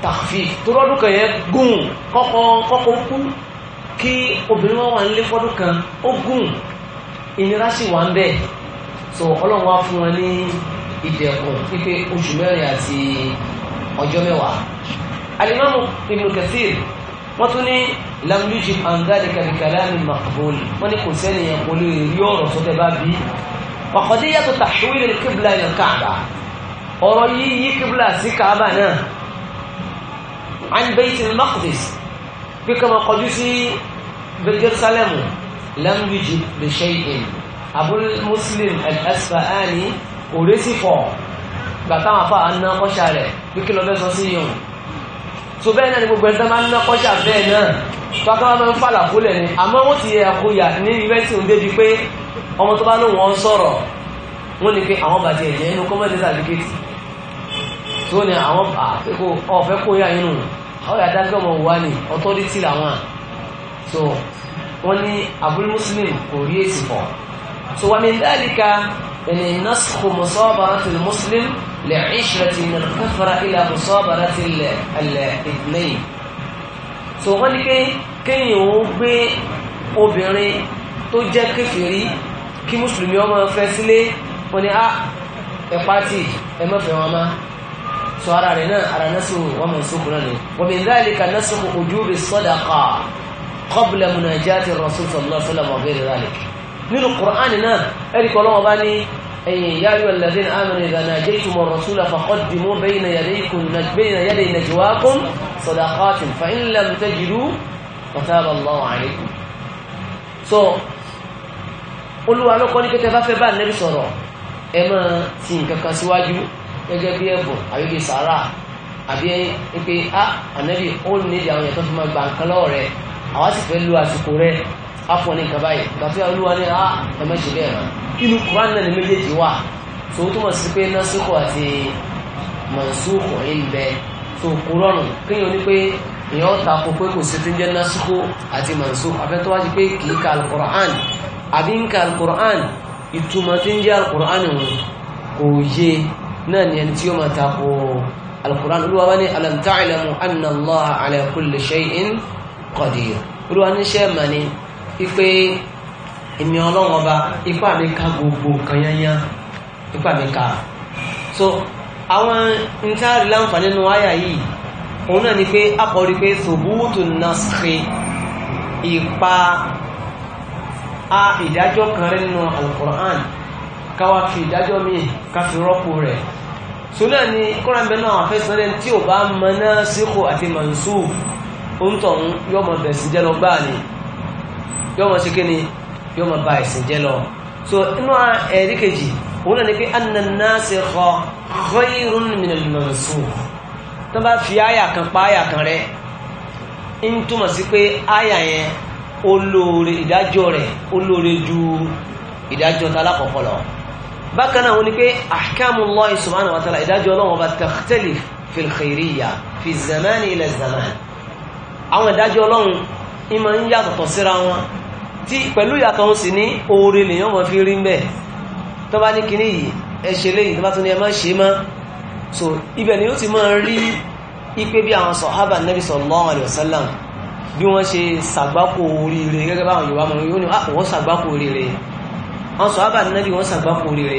tàfíf torí ọdún kan yẹn gùn kọ́kọ́ kọ́kọ́ kú kí obìnrin wọn wà ń lé fọ́dún kan ó gùn ìnira sì wà ń bẹ̀ so ọlọ́run wá fún wọn ní ìdẹ̀kùn pípé oṣù mẹ́rin àti ọjọ́ mẹ́wàá alimami ibn kathir wọ́n tún ní lamluji angadi kabikalami makbul wọ́n ní kò sẹ́ni yẹn kò lè rí ọ̀rọ̀ sọ́tẹ́ bá bí ọ̀kọ̀dé yàtọ̀ tahwil kíbla ilẹ̀ káàbà ọ̀rọ̀ yìí yí kíbla sí káàbà náà an bayt al-maqdis kọjú sí jerusalem lamluji bi shay'in muslim al-asfahani kò rí sí fọ̀ gbà táwọn afá ná kọ́ṣà rẹ̀ pé kí lọ fẹ́ sọ sí yòó so bẹ́ẹ̀ náà ni gbogbo ẹ̀sán máa ń ná kọ́ṣà bẹ́ẹ̀ náà tó akáwá máa ń fàlà kólẹ̀ ni àmọ́ wọ́n ti yẹ àkóyà ní yunifásitì òun débi pé ọmọ tó bá lóun ọ̀ sọ̀rọ̀ wọ́n ní pé àwọn bàjẹ́ ẹ̀jẹ̀ inú kọ́mọ́dé sàdíkẹ́tì tó ní àwọn àpékò ọ̀fẹ́ kó yá inú àwọn ìyàdájọ́ ọmọ wa ni ọtọ́rítì làwọn so wọ́n ní abúlé muslim kò rí èsì pọ̀ so wàmí dáríka يعني نسخ مصابرة المسلم لعشرة من الكفرة إلى مصابرة الاثنين so wọ́n ní pé kéèyàn ó gbé obìnrin tó jẹ́ kèfèrí kí mùsùlùmí ọmọ fẹ́ sílé wọ́n ní á ah, ẹ̀pátì ẹ̀mọ́fẹ́ wọn má so ara rẹ̀ náà ara náà sọ wọ́n mọ̀ sókùn náà ni wọ́n min dhalika nasakhu ujubi sadaqa qabla munajati rasul sallallahu alaihi wa sallam wa ghayri dhalika nínú kùránì náà ẹ̀ríkọ́ lọ́wọ́ bá ní ẹ̀yìn ìyá yóò lẹ́dín àmìnà ìdáná àjẹ́kùnmọ̀ rasúlà fàkọ́dìmọ́ bẹ́yìnà yẹ́dẹ̀ ìnàjìwákún sọ̀dàkọ́tìn fa'inlam tẹ́jìlú pàtàbàlọ́wọ́ àríkùn so olúwa lọ́kọ́ ní kẹtẹ bá fẹ́ bá nẹ́bí sọ̀rọ̀ ẹ máa ti nǹkan kan síwájú gẹ́gẹ́ bí ẹ̀bùn àbíbi sàárà àbí pé a ah, ànẹ́bí ó nídìí àwọn èèyàn fi máa gba nǹkan lọ́wọ́ rẹ̀ àwa sì fẹ́ lu àsìkò rẹ̀ afọ ní nǹkan báyìí gbàtí olúwa ní a ah, ẹmẹ́ṣẹ̀ bẹ́ẹ̀ rán inú Qur'an náà ni méjèèjì wà tó túmọ̀ sí pé násìkò àti mọ̀nsúkò ń bẹ tó kú kéèyàn ní pé èèyàn tako pé kò sí ti jẹ́ násìkò àti mọ̀nsúkò afẹ́tọ́ wájú pé kì í ka alukur'an àbí ń ka alukur'an ìtumọ̀ tí ń jẹ́ alukur'an wọn kò yé náà ni ẹni tí yóò máa tako alukur'an olúwa bá ní alam ta'lamu anna Allaha ala shay'in qadir olúwa ní sẹ́ẹ̀ mà ní ipe èmi ọlọ́run ọba ipá mi ka gbogbo nǹkan yányán ipá mi ka so àwọn ntaari láǹfààní nínú àyà yìí òun náà ni pé akọ̀rí pé sòbúùtù nàṣẹ ìpa a ìdájọ́ kan rẹ̀ nínú alukur'an káwa fi ìdájọ́ mi ká fi rọ́pò rẹ̀ sólà ni kọ́rànbẹ́ náà àfẹ́sán lẹ́nu tí ò bá mọ náà síkò àti mọ̀nsúù ó ń tọ̀hún yọmọ bẹ̀sí jẹ́ lọ gbáà ni yóò máa ṣe kí ni yóò máa ba ẹ̀sìn jẹ́ lọ so inú ẹ̀rí kejì òun náà ni pé an-nasikh khayrun min al-mansukh tó bá fi àyà kan pa àyà kan rẹ ń túmọ̀ sí pé àyà yẹn olóore ìdájọ́ rẹ̀ olóore ju ìdájọ́ ta lákọ̀ọ́kọ́ lọ bákan náà wọ́n ní pé ahkamullahi subhanahu wa ta'ala ìdájọ́ ọlọ́wọ́n bá takhtalif fil fi zamani ila zamani àwọn ìdájọ́ ọlọ́run ìmọ̀ ń yàtọ̀tọ̀ síra wọn tí pẹ̀lú ìyàtọ̀ òun sì ní oore lèyàn mọ̀ fi rí mẹ́ tó bá ní kíní yìí ẹ ṣe léyìí tó bá tún ní ẹ ṣe mọ́ so ibẹ̀ ni ó ti máa rí ipe bí àwọn sọ̀hábà nẹ́bí sallallahu alaihi wasallam bí wọ́n ṣe ṣàgbákò oríire gẹ́gẹ́ báwọn Yorùbá mọ̀ yóò ní ah, wọ́n ṣàgbákò oríire àwọn sọ̀hábà nẹ́bí wọ́n ṣàgbákò oríire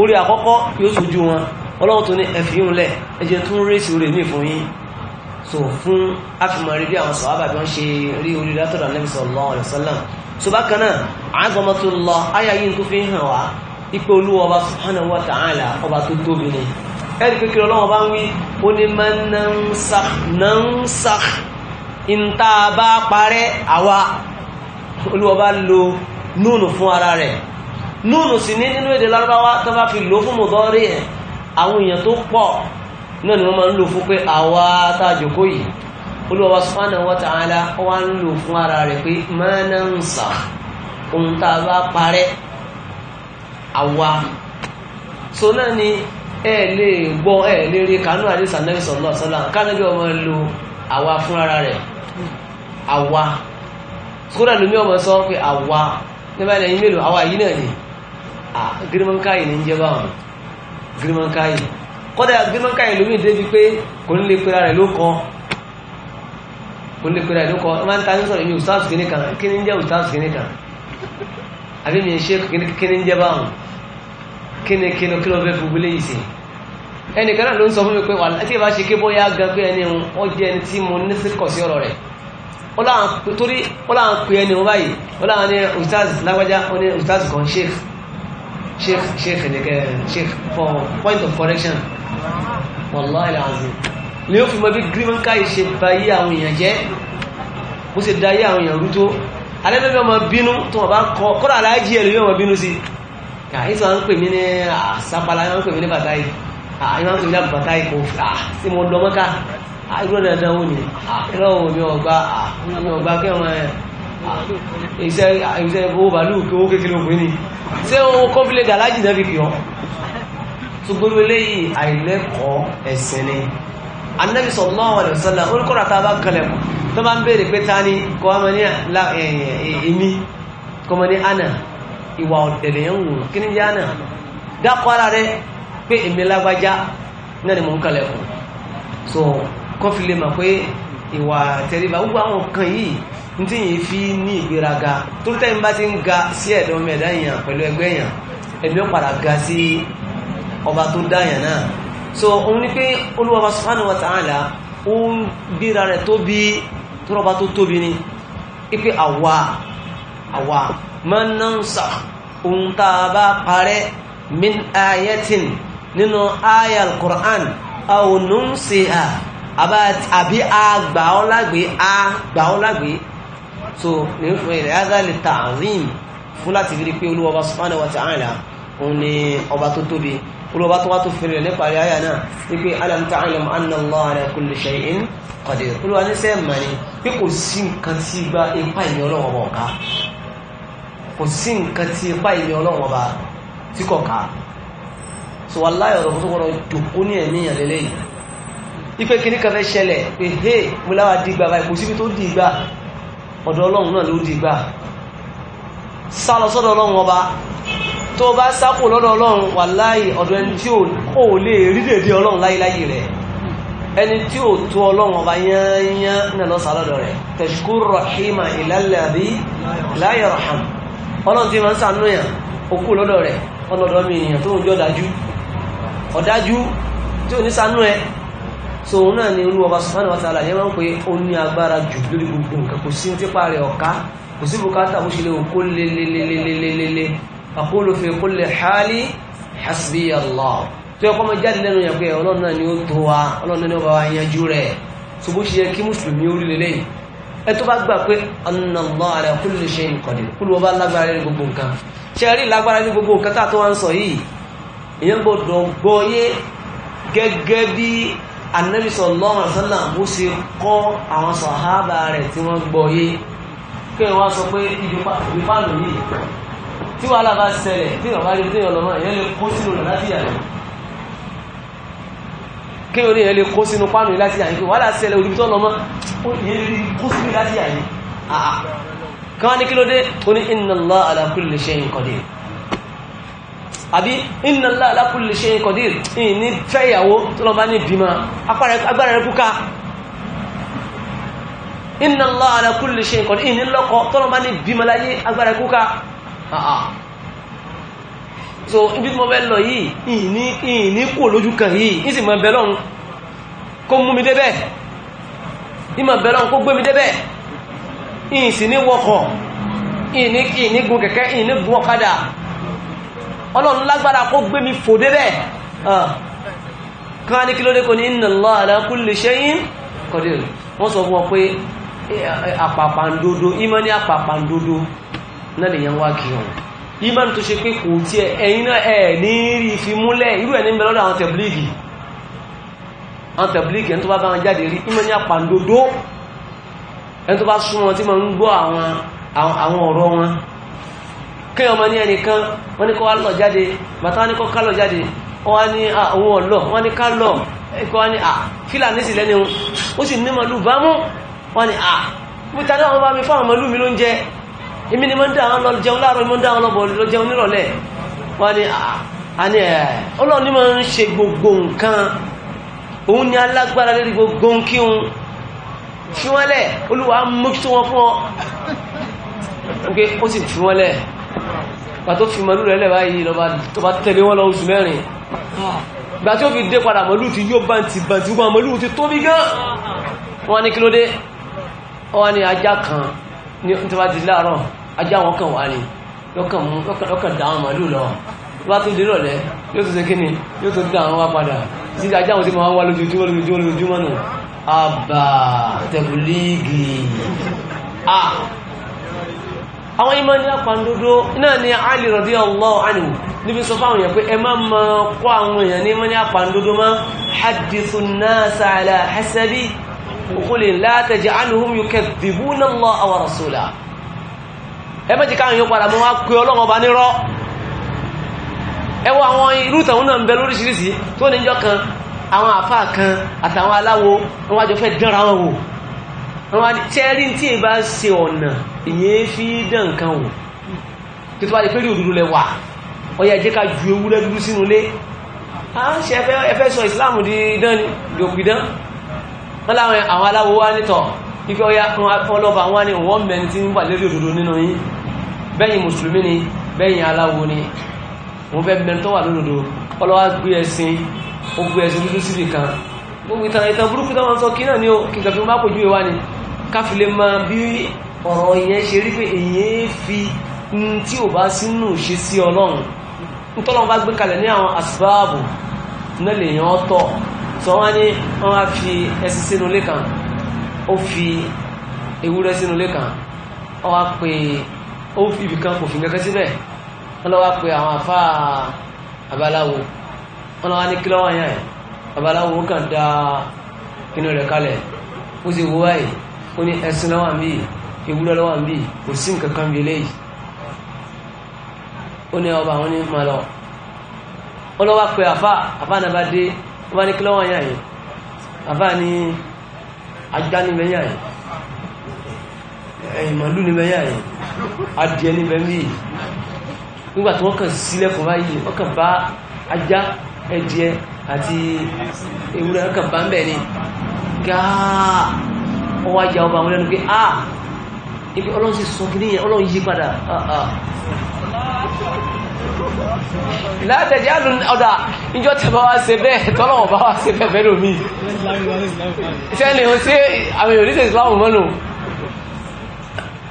orí àkọ́kọ́ yóò ṣojú wọn ọlọ́run tó ní ẹ̀fìyún lẹ̀ ẹjẹ tún rèsì orí mi fún yín so fún afimọ̀ rí bí àwọn sọ̀hábà bí wọ́n ṣe rí oríire látọ̀dọ̀ nẹ́bí sallallahu alaihi wasallam subakana azamatullah aya yìí tó fi hàn wá ipe olúwa ọba subhanahu wa ta'ala ọba tó tóbi ni ẹ̀rí pé kí ọlọ́wọ́ bá ń wí ó ní máa nansakh nansakh ìta bá parẹ́ àwa olúwa bá lo núùnù fún ara rẹ̀ núùnù sì ní nínú èdè lárúbáwá tó bá fi lò fún mọ̀dọ́rí ẹ̀ àwọn èèyàn tó pọ̀ náà ni wọ́n máa ń lò fún pé àwa tá a jòkó yìí olúwa subhanahu wa ta'ala wá ń lò fún ara rẹ̀ pé mọ́nà ń sà ohun tá a bá parẹ́ àwa so náà ni ẹ lè gbọ́ ẹ lè rí kanú àdìsá náà sallallahu alaihi wasallam kánábí ọmọ lo àwa fún ara rẹ̀ àwa sukúrò àlùmí ọmọ sọ pé àwa nígbà ilẹ̀ yín mélòó àwa yìí náà ni gírímọ̀nkáyì ní jẹ́ báwọn gírímọ̀nkáyì kọ́dà gírímọ̀nkáyì lómi débi pé kò ní lè pera rẹ̀ ló kàn kò lè pèrè àdókọ máa ń ta ní sọ̀rọ̀ mi ustaz kìíní kan kí ni ń jẹ́ ustaz kìíní kan àbí mi ṣe kí ni ń jẹ́ báwọn kí ni kí ni kí ló fẹ́ fúgbó léyìí sí ẹnìkan náà ló ń sọ fún mi pé wà láti ìbá ṣe ké bóyá gan pé ẹni ó jẹ́ ẹni tí mo ní sí kọ̀ sí ọ̀rọ̀ rẹ̀ torí ó láà ń ẹni wọn báyìí ó láà ní ustaz lágbájá ó ní ustaz kan sheikh sheikh sheikh ẹnìkan for point of correction wallahi alazim ni ó fi mọ́ bí gírímọ́ká ìṣe báyé àwọn èèyàn jẹ́ bó ṣe dáyé àwọn èèyàn rú tó alẹ́bẹ̀bẹ̀ ọmọ bínú tó wọ́n bá kọ́ kọ́rọ̀ aláàjí ẹ̀ lórí ọmọ bínú sí kàíṣà ń pè mí ní àṣàpàlà ń pè mí ní bàtà yìí àyíká ń pè mí ní bàtà yìí kò fà sí mo lọ mọ́ká irọ́ dandan wò ní irọ́ wò ní ọgbà ní ọgbà kí ọmọ ṣùgbọ́n eléyìí àìlẹ́kọ̀ọ́ ẹ̀sìn ni anabi sallallahu alaihi wasallam orúkọ rà tá a bá kalẹ̀ mọ́ tó bá ń béèrè pé ta ni kò wá mọ ní èmi kò mọ ní ana ìwà ọ̀dẹ̀lẹ̀ yẹn wò kí ni yánà dákọ̀ ara rẹ pé èmi lágbájá náà ni mò ń kalẹ̀ fún so kọ́fì lè mọ̀ pé ìwà tẹríba gbogbo àwọn kan yìí ní tí fi ní ìgbéraga tó tẹ́yìn bá ti ń ga sí ẹ̀dọ́ mẹ́ẹ̀dá èèyàn pẹ̀lú ẹgbẹ́ èèyàn ẹ̀mí ó padà ga sí ọba tó dá èèyàn náà so òun ni pé olúwàbá subhanahu wa ta'ala ó ń gbéra rẹ̀ tóbi tọ́rọba tó tóbi ni ipe àwa àwa mọ́nánsà ohun tá bá parẹ́ min ayatin nínú aya al-Qur'an àwọnúnsì àbí agbàọ́lágbé agbàọ́lágbé so ní fún ilẹ̀ azali ta'zim fún láti rí pé olúwàbá subhanahu wa ta'ala òun ni ọba tó tóbi olùbá tó wá tó fèrè nípa rí àyà náà wípé alam ta'lam anna Allaha ala kulli shay'in qadir olùwà ní sẹ́ẹ̀ mà ní pé kò sí nǹkan tí gba ipa ìní ọlọ́wọ́ bọ̀ ká kò sí nǹkan tí ipa ìní ọlọ́wọ́ bá tí kò ká so wà láyọ̀ ọ̀rọ̀ tó gbọ́dọ̀ jòkó ní ẹ̀mí ìyàn lélẹ̀ yìí ipe kìíní kan fẹ́ ṣẹlẹ̀ pé hey mo láwa di ìgbà báyìí kò síbi tó di ìgbà ọ̀dọ̀ Ọlọ́run náà ló di ìgbà sá sọ́dọ̀ Ọlọ́run ọba tó bá sákò lọ́dọ̀ ọlọ́run wà láì ọ̀dọ̀ ẹni tí ò lè rí dèdè ọlọ́run láyéláyé rẹ̀ ẹni tí ò tó ọlọ́run ọba yányán náà lọ́sà lọ́dọ̀ rẹ̀ tẹ̀síkú rọ̀hìmà ìlàlàbí láyọ̀ rọ̀hàm ọlọ́run tí ma so òun náà ni olú ọba sùfánà wàtà máa ń pè ó ní agbára jù lórí gbogbo nǹkan kò sí tipa rẹ̀ ọ̀ká kò sí bùkátà bó ṣe lè òkó lélelelelelele aqulu fi kulli hali hasbi allah tó yẹ kọ́ mọ jáde lẹ́nu yẹn pé ọlọ́run náà ni ó tó wa ọlọ́run náà ni ó bá wa yanjú rẹ̀ tó bó ṣe yẹ kí mùsùlùmí ó rí lélẹ́yìn ẹ tó bá gbà pé anna allah ala kulli shay'in qadir kúlù ọba lágbára ní gbogbo nǹkan ṣe rí lágbára ní gbogbo nǹkan tí wàhálà bá ṣẹlẹ̀ tí ìrọ̀mà rí tí ìrọ̀lọ́mọ́ ìyẹn lè kó sínú rẹ̀ láti yà rẹ̀ kí orí ìyẹn lè kó sínú pánù láti yà rẹ̀ wàhálà ṣẹlẹ̀ òdìbí tọ́lọ́mọ́ ìyẹn lè kó sínú láti yà rẹ̀ kan ní kí ló dé ó ní inna Allah ala kulli shay'in qadir àbí inna Allah ala kulli shay'in qadir ìní fẹ́ ìyàwó tọ́lọ́mọ́ Ah, ah. so ibi tí mo fẹ́ lọ yìí ìní ìní kò lójú kan yìí ní sì mọ̀ bẹ́ẹ̀ lọ́hun kó mú mi débẹ̀ ìmọ̀ bẹ́ẹ̀ lọ́hun kó gbé mi débẹ̀ ìyìn sì ní wọkọ̀ ìní ìní gun kẹ̀kẹ́ ìní gun ọ̀kadà ọlọ́run lágbára kó gbé mi fò débẹ̀ ah. kan ní kí kò ní inna Allah ala kulli shay'in qadir wọ́n sọ fún ọ pé àpàpàǹdodo eh, eh, ìmọ̀ ní àpàpàǹdodo náà lè yẹn wá kí wọn iman tó ṣe pé kò tí ẹ̀yìn náà ẹ̀ ní rí fi múlẹ̀ irú ẹ̀ ní bẹ lọ́dọ̀ àwọn tẹ̀blígì àwọn tẹ̀blígì ẹni tó bá bá wọn jáde rí iman ní àpàǹdodo ẹni tó bá súnmọ́ tí máa ń gbọ́ àwọn ọ̀rọ̀ wọn kẹ́yìn ọmọ ní ẹnìkan wọ́n ní kọ́ wá lọ jáde bàtà wọn ní kọ́ ká lọ jáde wọ́n ní àwọn ọ̀lọ́ wọ́n ní ká lọ ẹ̀kọ́ wọ́n ní à fílà ní ìsìlẹ́ni ó sì ní màlúù bámú wọ́n ní à mú tàbí àwọn bá mi fáwọn màlúù mi ló ń jẹ èmi ni mo ń dá àwọn lọ jẹun láàárọ̀ mo ń dá àwọn lọ bọ̀ lọ jẹun nírọ̀lẹ́ wọ́n ní àní ah, ẹ̀ eh, ọlọ́run ní ń ṣe gbogbo nǹkan òun ni alágbára lórí gbogbo nkíhun fi wọ́n lẹ̀ olúwa mójútó wọn fún ọ ok ó sì fi wọ́n lẹ̀ pàtó fi mọ̀lú rẹ̀ lẹ̀ báyìí lọ́ba tó bá tẹ̀lé wọn lọ oṣù mẹ́rin gbà ó fi dé padà mọ̀lú ti yóò bántí bántí gbọ́n mọ̀lú ti tóbi gan wọ́n ní kí ló dé wọ́n ní ajá kan ní tó bá di láàárọ̀ ajá wọn kàn wá ní lọ́kàn mú lọ́kàn dá àwọn màálù lọ wá tó dérò rẹ yóò tó ṣe kí ni yóò tó dá àwọn wá padà sí ajá wọn sí máa wá lójoojúmọ́ lójoojúmọ́ lójoojúmọ́ nù àbà tẹ̀bùlíìgì à àwọn imọ̀ ní àpàndódó náà ni Ali radiyallahu anhu níbi sọ fáwọn èèyàn pé ẹ má ma kọ́ àwọn èèyàn ní imọ̀ ní àpàndódó má hadithu nasa ala hasabi òkúlè la taj'aluhum yukadhibuna Allah wa rasulahu ẹ mẹ́jì káàrin yóò padà mọ́ wá pé ọlọ́run ọba nírọ́ ẹwọ àwọn irú tàwọn náà ń bẹ lóríṣiríṣi tó níjọ́ kan àwọn àfáà kan àtàwọn aláwo wọ́n wájọ fẹ́ dánra wọn wò wọ́n wá tí ẹ rí tí ì bá ṣe ọ̀nà ìyẹn fi dán nǹkan wò tó tó bá di pé rí òdodo lẹ wà ọyà jẹ́ ká ju ewúrẹ́ dúdú ni dòkìdán wọ́n ni wọ́n mẹ́ni tí ń wà lérí òdodo nínú yín bẹ́yìn mùsùlùmí ni bẹ́yìn aláwo ni wọ́n fẹ́ mẹ́rin tó wà lódodo ọlọ́wà gbé ẹ̀sìn ó gbé ẹ̀sìn dúdú síbì kan gbogbo ìtàn ìtàn burúkú tó wọn sọ kí náà ni ó kí n kàfin má ìwá ni káfílẹ̀ máa bí ọ̀rọ̀ yẹn ṣe rí pé èyí fi tí ò bá sínú ṣe sí ọlọ́run nítorọ̀ bá gbé kalẹ̀ ní àwọn asibáàbù náà lè yàn ọ́ tọ̀ sọ wọ́n ní wọ́n á fi ẹṣin sínú ilé ó fi ewúrẹ́ sínú ilé kan wá pè ó fi ibì kan kò fi kankan síbẹ̀ wọ́n lọ́wọ́ pé àwọn afá abaláwo wọ́n lọ́wọ́ ní kílọ́wọ́ yẹn abaláwo ó kàn da inú rẹ̀ kalẹ̀ ó sì wọ́ báyìí ó ní ẹ̀sìn lọ́wọ́ àmì ewúrẹ́ lọ́wọ́ àmì kò sí nǹkan kan bí eléyìí ó ní ọba àwọn onímọ̀ lọ wọ́n lọ́wọ́ pé afá afá náà bá dé wọ́n bá ní kílọ́wọ́ yẹn àfáà ní ajá níbẹ̀ yẹn àyè ẹ̀yìn màlúù ní mẹ́yà yìí adìẹ ní mẹ́mí nígbà tí wọ́n kàn sílẹ̀ fún báyìí wọ́n kàn bá ajá ẹ̀dìẹ àti ewúrẹ́ wọ́n kàn bá ń bẹ̀ ni gáà wọ́n wá ya ọba àwọn ẹlẹ́nu pé ah ibi ọlọ́run sì sọ kí níyẹn ọlọ́run yí padà látẹ̀dẹ̀ àlù ọ̀dà ìjọ tẹ̀bá wá ṣe bẹ́ẹ̀ tọ́lọ́wọ̀ bá wá ṣe bẹ́ẹ̀ bẹ́ẹ̀ lómi ìṣẹ́lẹ̀ ó sí àwọn èrò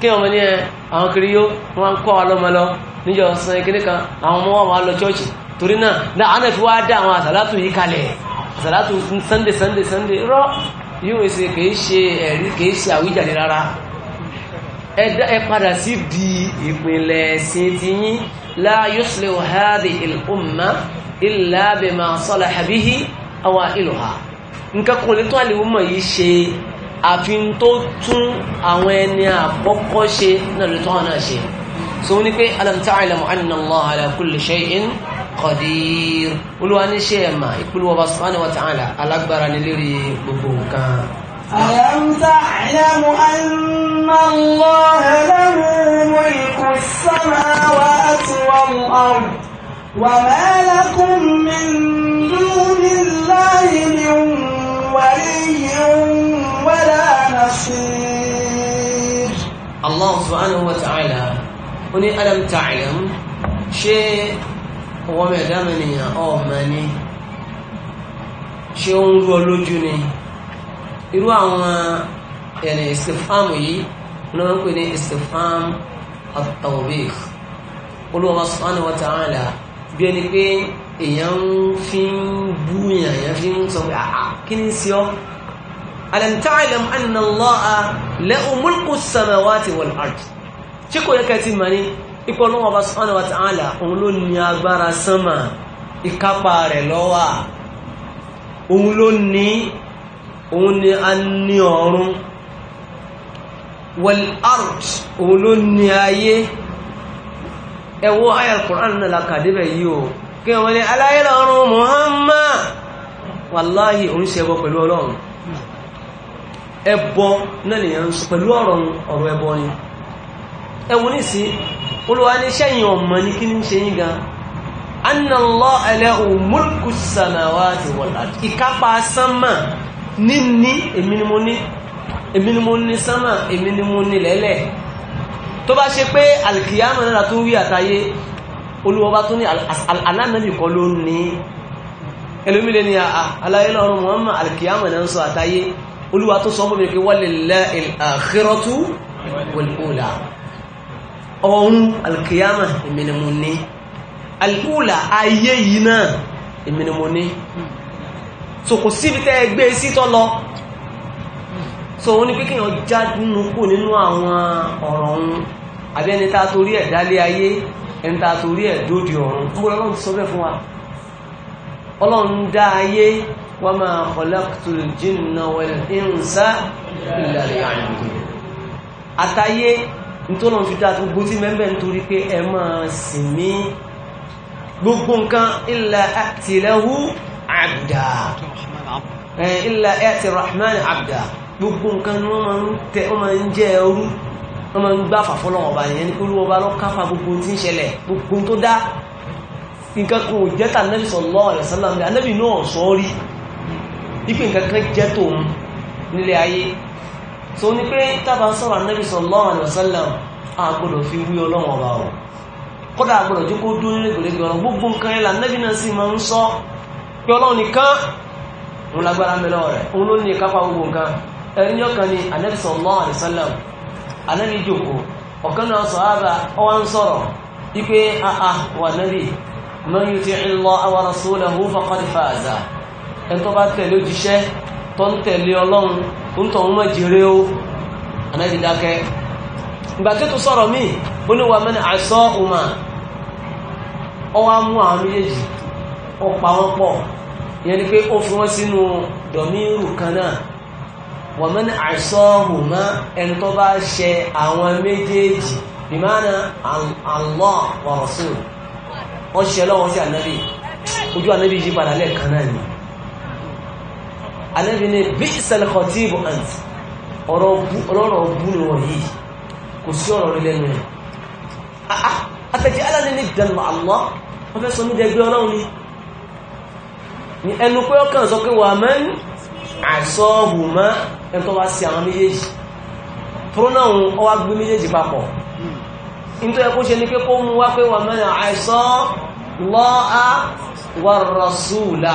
kí ọmọ ní ẹ àwọn kiri yóò wọn kọ́ wa lọ́mọ lọ níjọ san kíní kan àwọn ọmọ wa máa lọ chọ́ọ̀chì torí náà náà àwọn ẹ̀fí wá dá àwọn àsàlátù yìí kalẹ̀ àsàlátù sunday sunday sunday rọ yóò ṣe kìí ṣe ẹ̀rí kìí ṣe àwíjàre rárá ẹ padà sí di ìpìlẹ̀ ẹ̀sìn ti yín la yuslihu hadhihi al-umma illa bima salaha bihi awailuha nǹkan kò ní tó àlè àfi ń tó tún àwọn ẹni àkọ́kọ́ ṣe náà ló tọ́ náà ṣe so ní pé alam ta'lamu anna Allah ala kulli shay'in qadir olúwa ní ṣe ẹ̀mà ìpínlẹ̀ ọba subhanahu wa ta'ala alágbára ní lérí gbogbo nǹkan. alam ta'lamu anna Allah lahu mulku as-samawati wal ard wa ma lakum min duni Allahi min waliyyin بصير الله سبحانه وتعالى قل ألم تعلم شيء وما دامني أو ماني ṣe ń rú ọlójú ni irú àwọn ẹ̀rìn ìsìfàmù yìí ní wọ́n pè ní ìsìfàm at-tawbih Olúwa subhanahu wa ta'ala bí ẹni pé èèyàn fi ń bú èèyàn fi ń sọ pé àà kí ni sí ọ́ alam ta'lam anna allaha lahu mulku samawati wal ard tí kò yẹ kẹ́ ti mọ̀ ní ipò ọlọ́wọ́ bá subhanahu wa ta'ala òun ló ní agbára sánmà ìkápá rẹ̀ lọ́wà òun ló ní òun ni a ní wal ard òun ló ní ayé ẹwọ́ ayà al-Qur'an náà lákàdébẹ̀ yìí o kí wọ́n ní aláyé lọ́run Muhammad wàláhì òun ṣẹ́gbọ́ pẹ̀lú ọlọ́run ẹbọ náà nìyàn ń sọ pẹ̀lú ọ̀rọ̀ ọ̀rọ̀ ẹbọ ni ẹwù nísì olùwà ní sẹ́yìn ọmọ ní kí ní ṣe yín gan anna Allah lahu mulku samawati wal ard ìkápá sánmà níní èmi ni mo ní èmi ni mo ní sánmà èmi ni mo ní lẹ́lẹ̀ tó bá ṣe pé alkiyama náà tún wí àtayé olúwa tó sọ mọ́bìnrin pé walillahil akhiratu wal ula ọ̀run alkiyama ìmìnimuni al'ula ayé yìí náà ìmìnimuni so kò síbi tẹ́ gbé sí tọ́lọ so wọ́n ní pé kíyàn jádùnú kò nínú àwọn ọ̀rọ̀ ọ̀run àbí ẹni tàà torí ẹ̀ dálé ayé ẹni tàà torí ẹ̀ dódi ọ̀run ọlọ́run sọ bẹ́ẹ̀ fún wa ọlọ́run dá ayé wa ma khalaqtul jinna wal insa illa liya'budun àtàyé nítorí wọn fi dá gbogbo tí mẹ́mbẹ́ nítorí pé ẹ máa sìn mí gbogbo nǹkan illa a'ti lahu abda illa a'ti rahman abda gbogbo nǹkan ni wọ́n máa ń tẹ wọ́n máa ń jẹ́ ẹrú wọ́n máa ń gbá fàfọ́lọ́wọ́ ọba yẹn ní pé olúwọba lọ káfa gbogbo tí ń ṣẹlẹ̀ gbogbo tó dá nǹkan kò jẹ́ta nẹ́bí sallallahu alaihi wasallam nẹ́bí náà sọ rí ipe nǹkan kan jẹ́ tòun nílé ayé so ní pé tábà ń sọ̀rọ̀ anábì sallallahu alaihi wasallam a gbọ́dọ̀ fi wí ọlọ́wọ́n ọba o kódà a gbọ́dọ̀ jókòó dúró nílé gbèrègbè ọ̀rọ̀ gbogbo nǹkan yẹn lànàbì náà sì máa ń sọ pé ọlọ́run nìkan òun lágbára mẹ́lọ rẹ̀ òun ló ní ìkápá gbogbo nǹkan ẹ̀rí ní ọkàn ni anábì sallallahu alaihi wasallam anábì jòkó ọ̀kan náà sọ ah, ah, man yuti'i Allah wa rasulahu faqad faza ẹni tó bá tẹ̀lé òjíṣẹ́ tó ń tẹ̀lé ọlọ́run tó ń tọ̀ wọ́n mọ̀jẹ̀rẹ́ o anáyí dákẹ́ ìgbà tó tún sọ̀rọ̀ míì ó ní wa mẹ́ni àìsọ́ ọmọ ọwọ́ mú àwọn méjèèjì ó pa wọ́n pọ̀ ìyẹn ni pé ó fi wọ́n sínú dọ̀míìrù kan náà wa mẹ́ni àìsọ́ ọmọ ẹni bá ṣe àwọn méjèèjì ìmáàna Allah wa rasul wọ́n ṣe lọ́wọ́ ànábì ojú ànábì yí padà lẹ́ẹ̀kan náà ni Ànábì ní bí ìsẹ̀lẹ̀kọ̀tí ìbò àǹtí ọ̀rọ̀ bú ni wọ́n yìí kò sí ọ̀rọ̀ rí lẹ́nu rẹ̀ àtẹ̀jẹ́ aláàrẹ ní ìdánmà àlọ́ wọ́n fẹ́ sọ ní dẹgbẹ́ ọlọ́run ni ẹnu pé ọkàn sọ pé wà mẹ́rin àìsọ́ọ̀hù mọ́ ẹ̀tọ́ wá àwọn méjèèjì pronoun ọ gbé méjèèjì papọ̀ nítorí ẹkún ṣe ní pé kó mú wá pé wà mẹ́rin àìsọ́ọ̀lọ́à wà rọ̀súùlà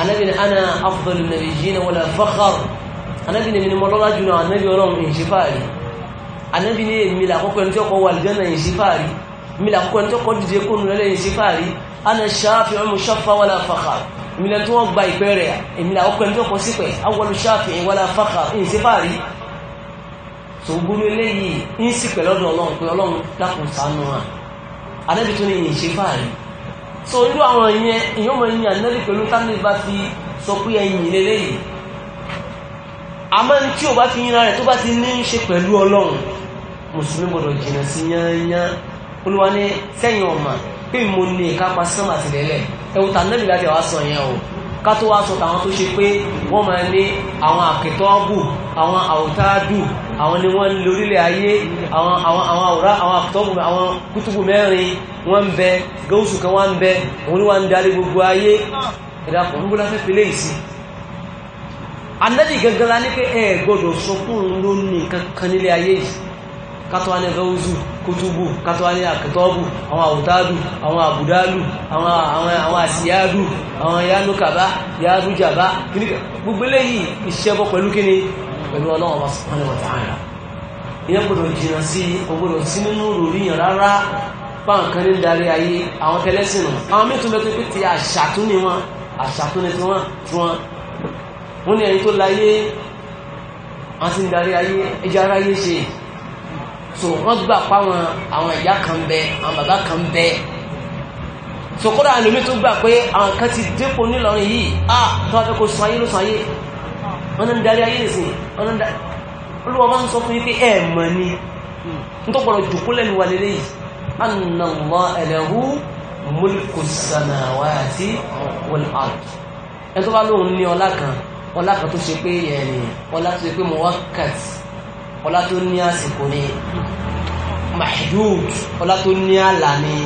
anabi ni ana afdalu nabiyyin wala fakhar anabi ni mi ni mo lọ́lá jùlọ anabi ọlọ́run ìṣe fáàrí anabi ni èmi làkọ́kọ́ ẹni tí ọkọ̀ wà lìjọ́nà ìṣe fáàrí mi làkọ́kọ́ ẹni tí ọkọ̀ dìde kó nulẹ̀ ìṣe fáàrí ana shafi'un mushaffa wala fakhar mi lẹ́ni tí wọ́n gba ìpẹ́ rẹ̀ èmi làkọ́kọ́ ẹni tí ọkọ̀ sípẹ̀ awwalu shafi'in wala fakhar ìṣe fáàrí sògbónú eléyìí ń sì pẹ̀lọ́dún ọlọ́run pé ọlọ́run dákùn sánú hàn adébìtún ni ìyìn so irú àwọn ìyẹn ìyẹn mọ̀ ìyẹn ànẹ́lì pẹ̀lú tánilé bá ti sọ pé ẹ̀yìn lélẹ́yìí àmọ́ ní tí o bá fi yínra rẹ̀ tó bá ti ní í ṣe pẹ̀lú ọlọ́run mùsùlùmí gbọdọ̀ jìnnà sí yányán olúwa ní sẹ́yìn ọ̀mà pé mo ní ìkápá sánmà tìlẹ́lẹ̀ ẹ̀wù tànẹ́lì láti wá sọ yẹn o ká tó wá sọ tàwọn tó ṣe pé wọ́n máa ní àwọn àkẹ́tọ́ọ̀bù àwọn àwòtáàdù àwọn ni wọ́n lórílẹ̀ ayé àwọn àwòrán àwọn àkútọ́bù àwọn kútùbù mẹ́rin wọ́n ń bẹ gọ́ọ̀sù kan wọ́n ń bẹ òun ni wọ́n ń darí gbogbo ayé ìdàpọ̀ ń gbọ́dá fẹ́fẹ́ lè sí anẹ́bì gangan la ní pé ẹ gbọ́dọ̀ sọ fún ló ní kankan nílé ayé yìí kátó wá ní gọ́ọ̀sù kútùbù kátó wá ní gbogbo eléyìí ìṣẹ́bọ pẹ̀lú pẹ̀lú ọlọ́run ọba subhanahu wa ta'ala ìyẹn gbọdọ̀ jìnnà sí ọgbọdọ̀ sí nínú ròríyàn rárá báwọn kan ní darí ayé àwọn tẹlẹsìn nù àwọn mẹ́tún mẹ́tún pé ti àṣàtúnni wọn àṣàtúnni tí wọ́n tí wọ́n wọ́n ní ẹni tó láyé wọ́n ti ń darí ayé ẹja aráyé ṣe so wọ́n gbà páwọn àwọn ìyá kan bẹ àwọn bàbá kan bẹ so kódà àlùmí tó gbà pé àwọn kan ti dépò nílọrin yìí ah tó wá fẹ́ kó sun ayé ló sun ayé wọn ń darí ayé ìsìn wọn ń darí olúwa máa ń sọ fún yín pé ẹ mọ̀ ni n tó gbọ́dọ̀ jòkó lẹ́nu wa lélẹ́ yìí anna Allaha lahu mulku samawati wal ard ẹ tó bá lóun ní ọlá kan ọlá kan tó ṣe pé ẹni ọlá tó ṣe pé muwakkat ọlá tó ní àsìkò ni mahdud ọlá tó ní àlà ni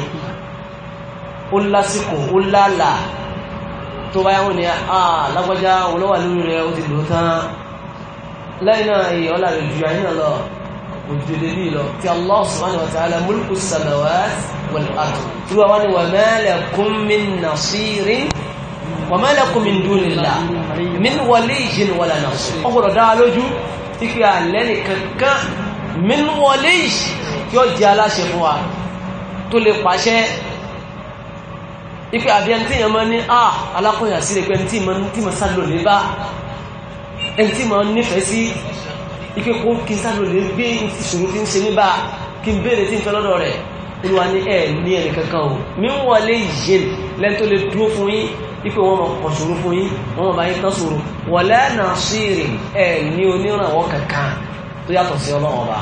ó lásìkò ó lálàá tó bá yáwọn ni alágbájá olówà lórí rẹ ó ti lò tán lẹ́yìn náà èyí ọ̀là rẹ̀ jù àyínà lọ òjòdè bí lọ tí Allah subhanahu wa ta'ala mulku samawati wal ard tí wọ́n wá ní wa ma lakum min nasirin wa ma lakum min dunillah min waliyyin wala nasir ọgbọ̀dọ̀ dá lójú tí kí alẹ́ nìkan kan min waliyyin tí ó jẹ́ aláṣẹ fún wa tó lè pàṣẹ ipe àbí ẹni tí yẹn máa ní à ah, alákọ̀yà sí rẹ̀ pé ẹni tí mo sálò lè bá ẹni tí mo nífẹ̀ẹ́ sí ike kó kí n sálò lè gbé ìṣòro tí ń ṣe níbà kí n béèrè tí ń fẹ́ lọ́dọ̀ rẹ̀ olúwa ní ẹ̀ ní ẹni kankan o mi ń wọlé yìí lẹ́ni tó lè dúró fún yín ipe wọn mọ kọ ṣòro fún yín wọn mọ bá yín tán ṣòro wọlé náà sí rè ẹ ní onírànwọ́ kankan tó yàtọ̀ sí ọlọ́run ọba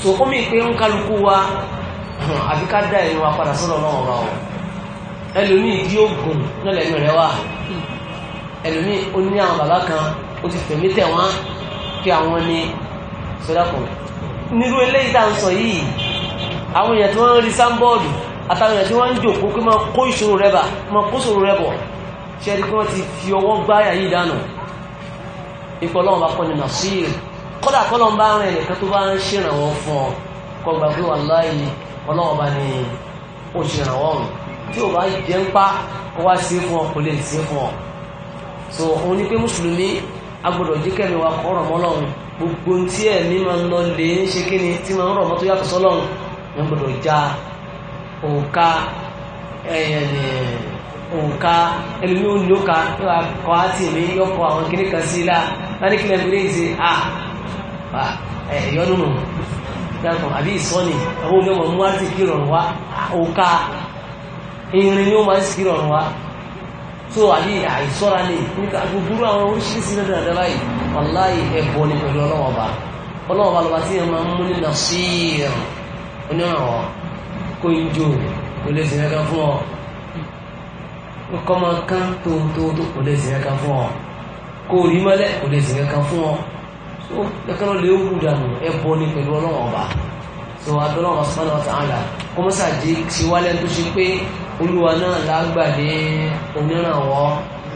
so ó mi pé ń kálukú wa àbí dá ẹ̀yìn wa padà sọ́dọ̀ ọlọ́run ọba o ẹlòmí ìdí ogun náà lẹ́nu rẹ̀ wà ẹlòmí ó ní àwọn bàbá kan ó ti fẹ̀mí tẹ̀ wọ́n kí àwọn ni sọ́dọ̀kùn nírú eléyìí tá à ń sọ yìí àwọn èèyàn tí wọ́n ń rí sáńbọ́ọ̀dù àtàwọn èèyàn tí wọ́n ń jòkó pé máa kó ìṣòro rẹ̀ bà máa kó ìṣòro rẹ̀ bọ̀ ṣe ẹni pé wọ́n ti fi ọwọ́ gbáyà yìí dànù ipò ọlọ́run bá kọ́ni nàṣír kọ́dà kọ́lọ́n bá rìn nìkan tó bá ń ṣèrànwọ́ fún ọ kọ́ gbàgbé wà láàyè ọlọ́run bá ní ó ṣèrànwọ́ ọ̀hún tí o bá jẹ́ ń pa ó wá sí fún ọ kò lè sí fún ọ so òun ni pé mùsùlùmí agbọ́dọ̀ jẹ́ kẹ́mi wa kọ́ ọ̀rọ̀ mọ́lọ́run gbogbo tí ẹ̀mí máa ń lọ lè ń ṣe kí ni tí máa ń rọ̀ mọ́ tó yàtọ̀ sọ́lọ́run ni wọ́n gbọ́dọ̀ ja òǹkà òǹkà ẹlòmí ò ní òǹkà yóò kọ́ àti èmi yóò kọ́ àwọn kìnnì kan sí ilá láti kí lẹ́nu léyìí ṣe à ẹ̀yọ́ nínú dákun àbí ìsọ́ni àwọn olóòmọ̀ mú àti kí rọrùn wá òǹkà irin yóò máa ń sí ọ̀run wa tó àbí àìsọ́ra lè nípa gbogbo àwọn oríṣiríṣi lọ́dọ̀ àdára yìí wàláì ẹ̀bọ ni pẹ̀lú ọlọ́wọ́ ọba ọlọ́wọ́ ọba lọ́ba tí yẹn máa ń mú nínú sí ẹ̀rùn onírànwọ́ kó ń jó kò lè sìn kankan fún ọ kọ́ máa kán tó tó tó kò lè sìn kankan fún ọ kò rí mọ́lẹ̀ kò lè sìn kankan fún ọ tó kankan lè wù dànù ẹ̀bọ ni pẹ̀lú ọlọ́wọ́ ọba tó adọ́lọ́wọ́ sọ́nà ọ̀tá olúwa náà lágbàdé onírànwọ́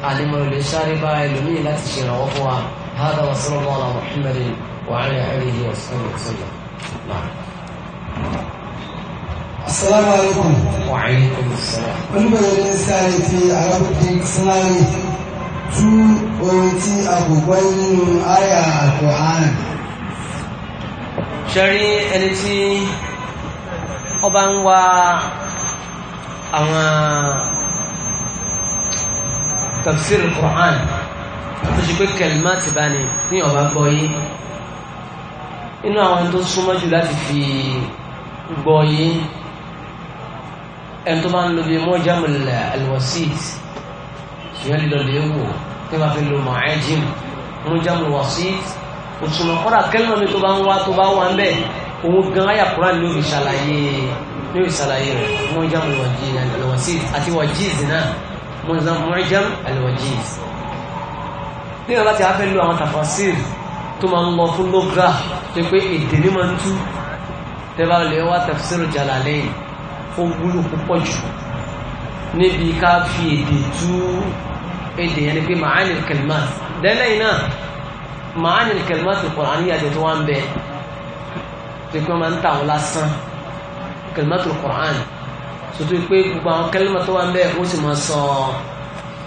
àlèmọ̀lẹ̀ sáré bá ẹlòmíì láti ṣe ìrànwọ́ fún wa hádà wa sallallahu ala muhammadin wa ala alihi wa sallam asalaamu alaykum wa alaykum salaam olùbẹ̀rẹ̀ ní sáré ti arábìnrin sáré tú ohun tí a kò gbọ́ nínú àyà al ṣe rí ẹni tí ọba ń wá àwọn tafsir Qur'an tó ṣe pé kẹlìmá ti bá ní ní ọba gbọ́ yé inú àwọn tó súnmọ́ jù láti fi gbọ́ yé ẹni tó bá ń lo bí Mu'jam al-Wasit ṣùgbọ́n lílọ lè tí wọ́n fi lo Mu'jam Mu'jam al-Wasit òṣùnà kọ́dà kẹ́lìmọ́ mi tó bá ń wá tó bá wà ń bẹ̀ òun gan ayàkúrà ni ó fi ṣàlàyé ní ìsàlàyé rẹ̀ mọ́jàm alwajiz àti wajiz náà mọ́jàm alwajiz ní ọ̀la tí a fẹ́ lo àwọn tafasir tó máa ń lọ fún lógra tó pé èdè ní máa ń tú tẹ́lá lè wá tafsir Jalalayn ó wúlò púpọ̀ jù níbi ká fi èdè tú èdè yẹn ni pé ma'ani al-kalimat lẹ́lẹ́yìn náà ma'ani al-kalimat al-Qur'aniyya àti tó wá ń bẹ tó pé wọ́n ń tà lásán kẹlímàtò Qur'an sotu pé gbogbo àwọn kẹlímàtò wa ń bẹ ó sì máa sọ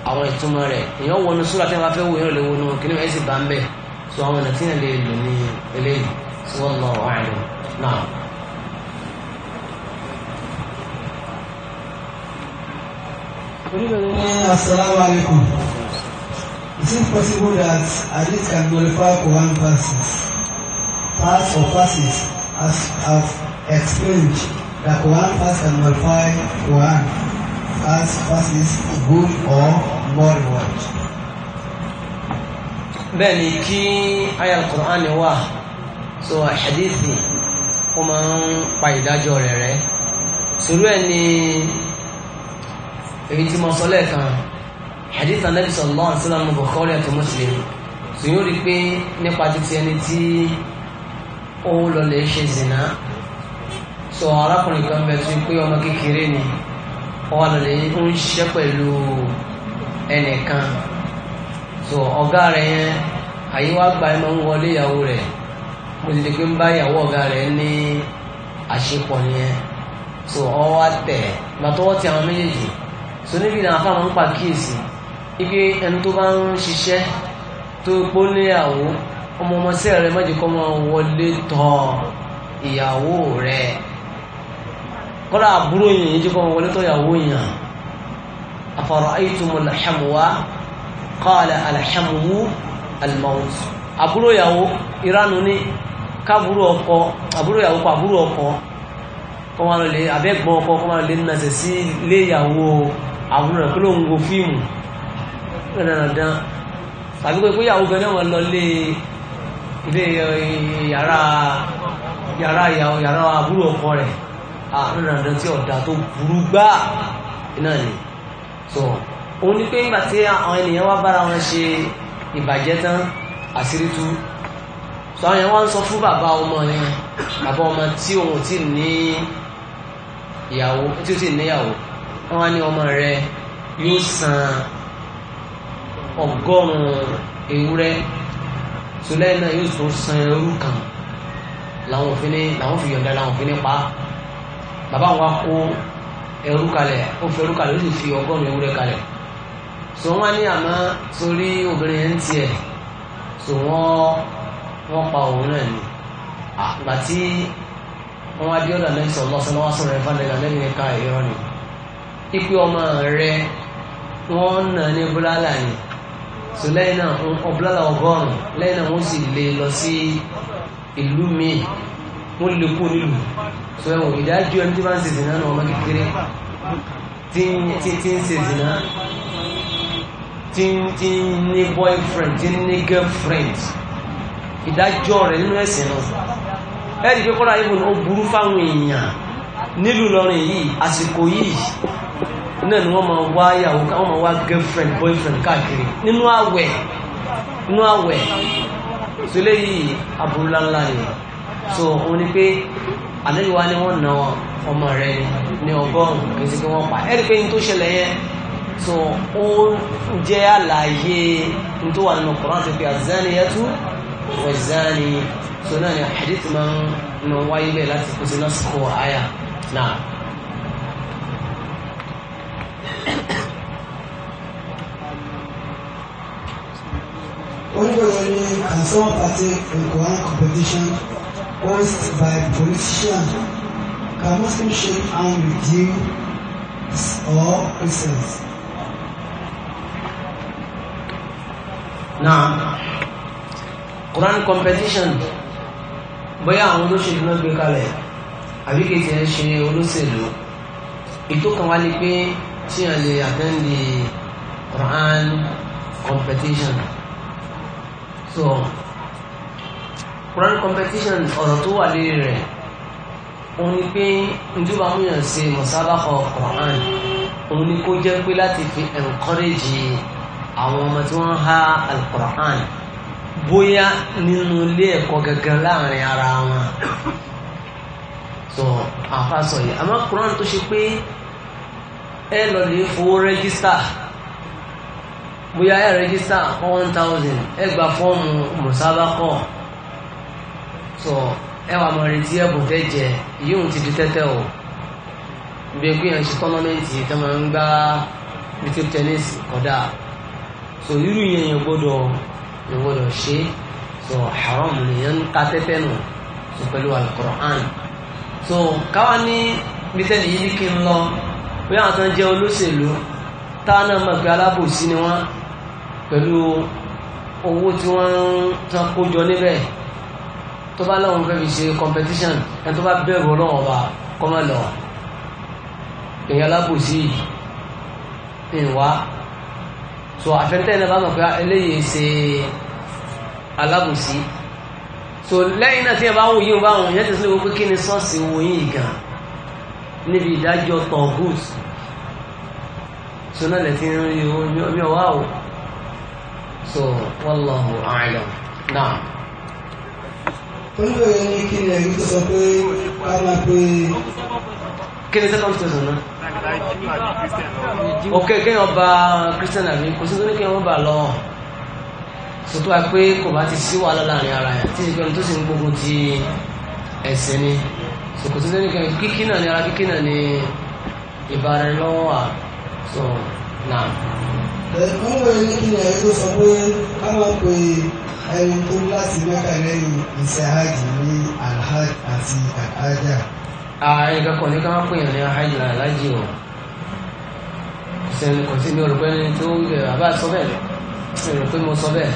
àwọn ìtumọ̀ rẹ̀ èèyàn wọnú sùúrà tí wọ́n fẹ́ wò yẹn lè wọnú kíní ẹ̀ sì bá ń so àwọn ọ̀nà tí yẹn lè lò ní eléyìí tí wọ́n lọ àárín náà. Assalamualaikum. Is it possible that hadith can glorify Quran verses, parts or passes, as as explained? that one fast and nullify one as fast is good or more reward. bẹ́ẹ̀ ni kí aya alukur'ani wà so hadithi ó máa ń pa ìdájọ́ rẹ̀ rẹ́ sùúrù ẹ̀ ni èyí tí mo sọ lẹ́ẹ̀kan hadith anabi sallallahu alaihi wasallam bukhari àti muslim sùúrù rí i pé nípa títí ẹni tí ó lọ lè ṣe zina so arákùnrin kan bẹ tí pé ọmọ kékeré ni ọwọ́ lọ́lẹ̀ ń ṣiṣẹ́ pẹ̀lú ẹnìkan so ọ̀gá rẹ̀ yẹn àyíwá gba ẹ̀ máa ń wọlé ìyàwó rẹ̀ mo ti di wa so níbi ìdáná fáwọn ń pa kíyèsí ibi ẹni tó bá ń ṣiṣẹ́ tó níyàwó ọmọ ọmọ sí ẹ̀rẹ́ wọlé kọ́lá àbúrò yìnyín jí kọ́ wọlé tó yàwó yìnyín afara'aytumul hamwa qala alhamwu almaut àbúrò yàwó ìranu ní kábúrò ọkọ àbúrò yàwó kọ àbúrò ọkọ kọ́ máa lè abẹ́gbọ́n ọkọ kọ́ nàṣẹ̀ sí ilé ìyàwó àbúrò eh, yàrá àbúrò ọkọ rẹ̀ àrùn dandan tí ọ̀dà tó burú gbá iná ni so òun ni pé nígbà tí àwọn ènìyàn wá bára wọn ṣe ìbàjẹ́ tán àṣírí tú so àwọn èèyàn wá ń sọ fún bàbá ọmọ yẹn bàbá ọmọ tí òun ti ní ìyàwó tí ó ti níyàwó wọn wá ní ọmọ rẹ yóò san ọgọ́rùn-ún ewúrẹ́ so lẹ́yìn náà yóò tún san ẹrú kan làwọn òfin ní làwọn fi yọ̀ǹda làwọn òfin ní pa á bàbá wọn kó ẹrú kalẹ̀ ó fi ẹrú kalẹ̀ ó sì fi ọgọ́rùn ewúrẹ́ kalẹ̀ so wọn ní àmọ́ torí obìnrin yẹn ń tiẹ̀ so wọn wọn pa òun náà ni àgbà tí wọn wá dé ọ̀dọ̀ lẹ́yìn sọ̀rọ̀ lọ́sọ̀ lọ́wọ́ sọ̀rọ̀ ẹ̀fọn lẹ́yìn lẹ́yìn ní ni ipe ọmọ rẹ wọn nà ní búlálà ni so lẹ́yìn náà ọbúlálà ọgọ́rùn lẹ́yìn náà wọ́n sì lé lọ sí ìlú míì wọ́n lè kó nílùú so ẹ̀wọ̀n ìdájọ́ ẹni tí bá ń ṣe ìsìnà náà ọmọ kékeré tí ń ṣe ìsìnà tí ń ní boyfriend tí ń ní girlfriend ìdájọ́ rẹ̀ nínú ẹ̀sìn náà ẹ̀rì pé kọ́ra ibùn ó burú fáwọn èèyàn nílùú lọ́rin yìí àsìkò yìí náà ni wọ́n máa wá yàwó káwọn máa wá girlfriend boyfriend káàkiri nínú àwẹ̀ nínú àwẹ̀ sílé yìí aburú láńlá yìí so òun ni pé àlejò wa ni wọ́n na ọmọ rẹ ní ọgọ́rùn-ún kì í ṣe pé wọ́n pa ẹ́ rí pé ní tó ṣẹlẹ̀ yẹn so ó jẹ́ àlàyé ní tó wà nínú Kùránì àti pé az-zaniyatu waz-zani so náà ni hadith máa ń nà wáyé bẹ́ẹ̀ láti kó sí lásìkò àyà náà. What was the name and some competition caused by politician, can Muslim shake hand with you or Christians. Now, Quran competition bóyá àwọn olóṣèlú náà gbé kalẹ̀ àbí kìí tiẹ̀ ṣe olóṣèlú ètò kan wá ní pé tí a lè attend the Quran competition so Quran competition ọ̀rọ̀ tó wà lérí rẹ̀ òun ni pé njúbà múyàn ṣe mọ̀sábàkọ̀ Quran òun ni kó jẹ́ pé láti fi encourage àwọn ọmọ tí wọ́n ń al-Quran bóyá nínú ilé ẹ̀kọ́ gangan láàrin ara wọn sọ àfàsọ yìí àmọ́ Quran tó ṣe pé ẹ lọ lè fowó rẹ́gísítà bóyá ẹ rẹ́gísítà one thousand ẹ gba fọ́ọ̀mù mọ̀sábàkọ̀ tó ẹ wà mọ̀ retí ẹ̀bùn tẹ́ jẹ yóò ti di tẹ́tẹ́ o bí i gbìyànjú ṣe tọ́nọ́mẹ́ǹtì tó máa ń gbá bíi tẹ́nísì kọ́dà tó irú yẹn yẹn gbọ́dọ̀ yẹn gbọ́dọ̀ ṣe tó haram nìyẹn ń ta tẹ́tẹ́ nù tó pẹ̀lú alukoran tó káwa ní bíi tẹ́lẹ̀ yìí kí n lọ bí àwọn kan jẹ́ olóṣèlú táwọn náà mọ̀ pé alábòsí ni wọ́n pẹ̀lú owó tí wọ́n ń tán kó jọ níbẹ̀ tó bá lọ́wọ́n fẹ́ fi ṣe competition ẹni tó bá bẹ̀rù ọlọ́wọ́n ọba kọ́ máa lọ èèyàn alábòsí ìwà so àfẹ́ntẹ́ náà bá mọ̀ pé eléyìí ṣe alábòsí so lẹ́yìn náà tí ẹ bá ń wòye bá wọn ìyẹn ti sọ wípé kí ni sọ́ọ̀sì wòye gan níbi ìdájọ́ tọ̀gùt so náà lẹ́tí ń rí omi ọwá o so wallahu a'lam náà oníbẹ̀rẹ̀ ní kí ni ẹ̀rí tó sọ pé ká máa pé. kí ni second station náà. ok kéèyàn bá christian àbí kò sí tó ní kéèyàn bá lọ sọtọ́ wa pé kò bá ti sí wàhálà láàrin ara yẹn tí ìgbẹ́ni tó sì ń gbógun ti ẹ̀sìn ni so kò sí tó ní kéèyàn kíkí náà ni ara kíkí náà ni ìbára lọ́wọ́ wa so náà. ẹ̀ẹ́dẹ́gbẹ̀rẹ̀ ní kí ni ẹ̀rí tó sọ pé ká máa pè é ẹni tó láti mẹ́ta lẹ́yìn iṣẹ́ hajj ní alhaj àti alhaja. ààrẹ kankan ní ká má pè yàn ní alhaj ní alhaji o sẹ́ni kò sí mi rò pé ẹni tó yẹ bàbá sọ bẹ́ẹ̀ mi rò pé sọ bẹ́ẹ̀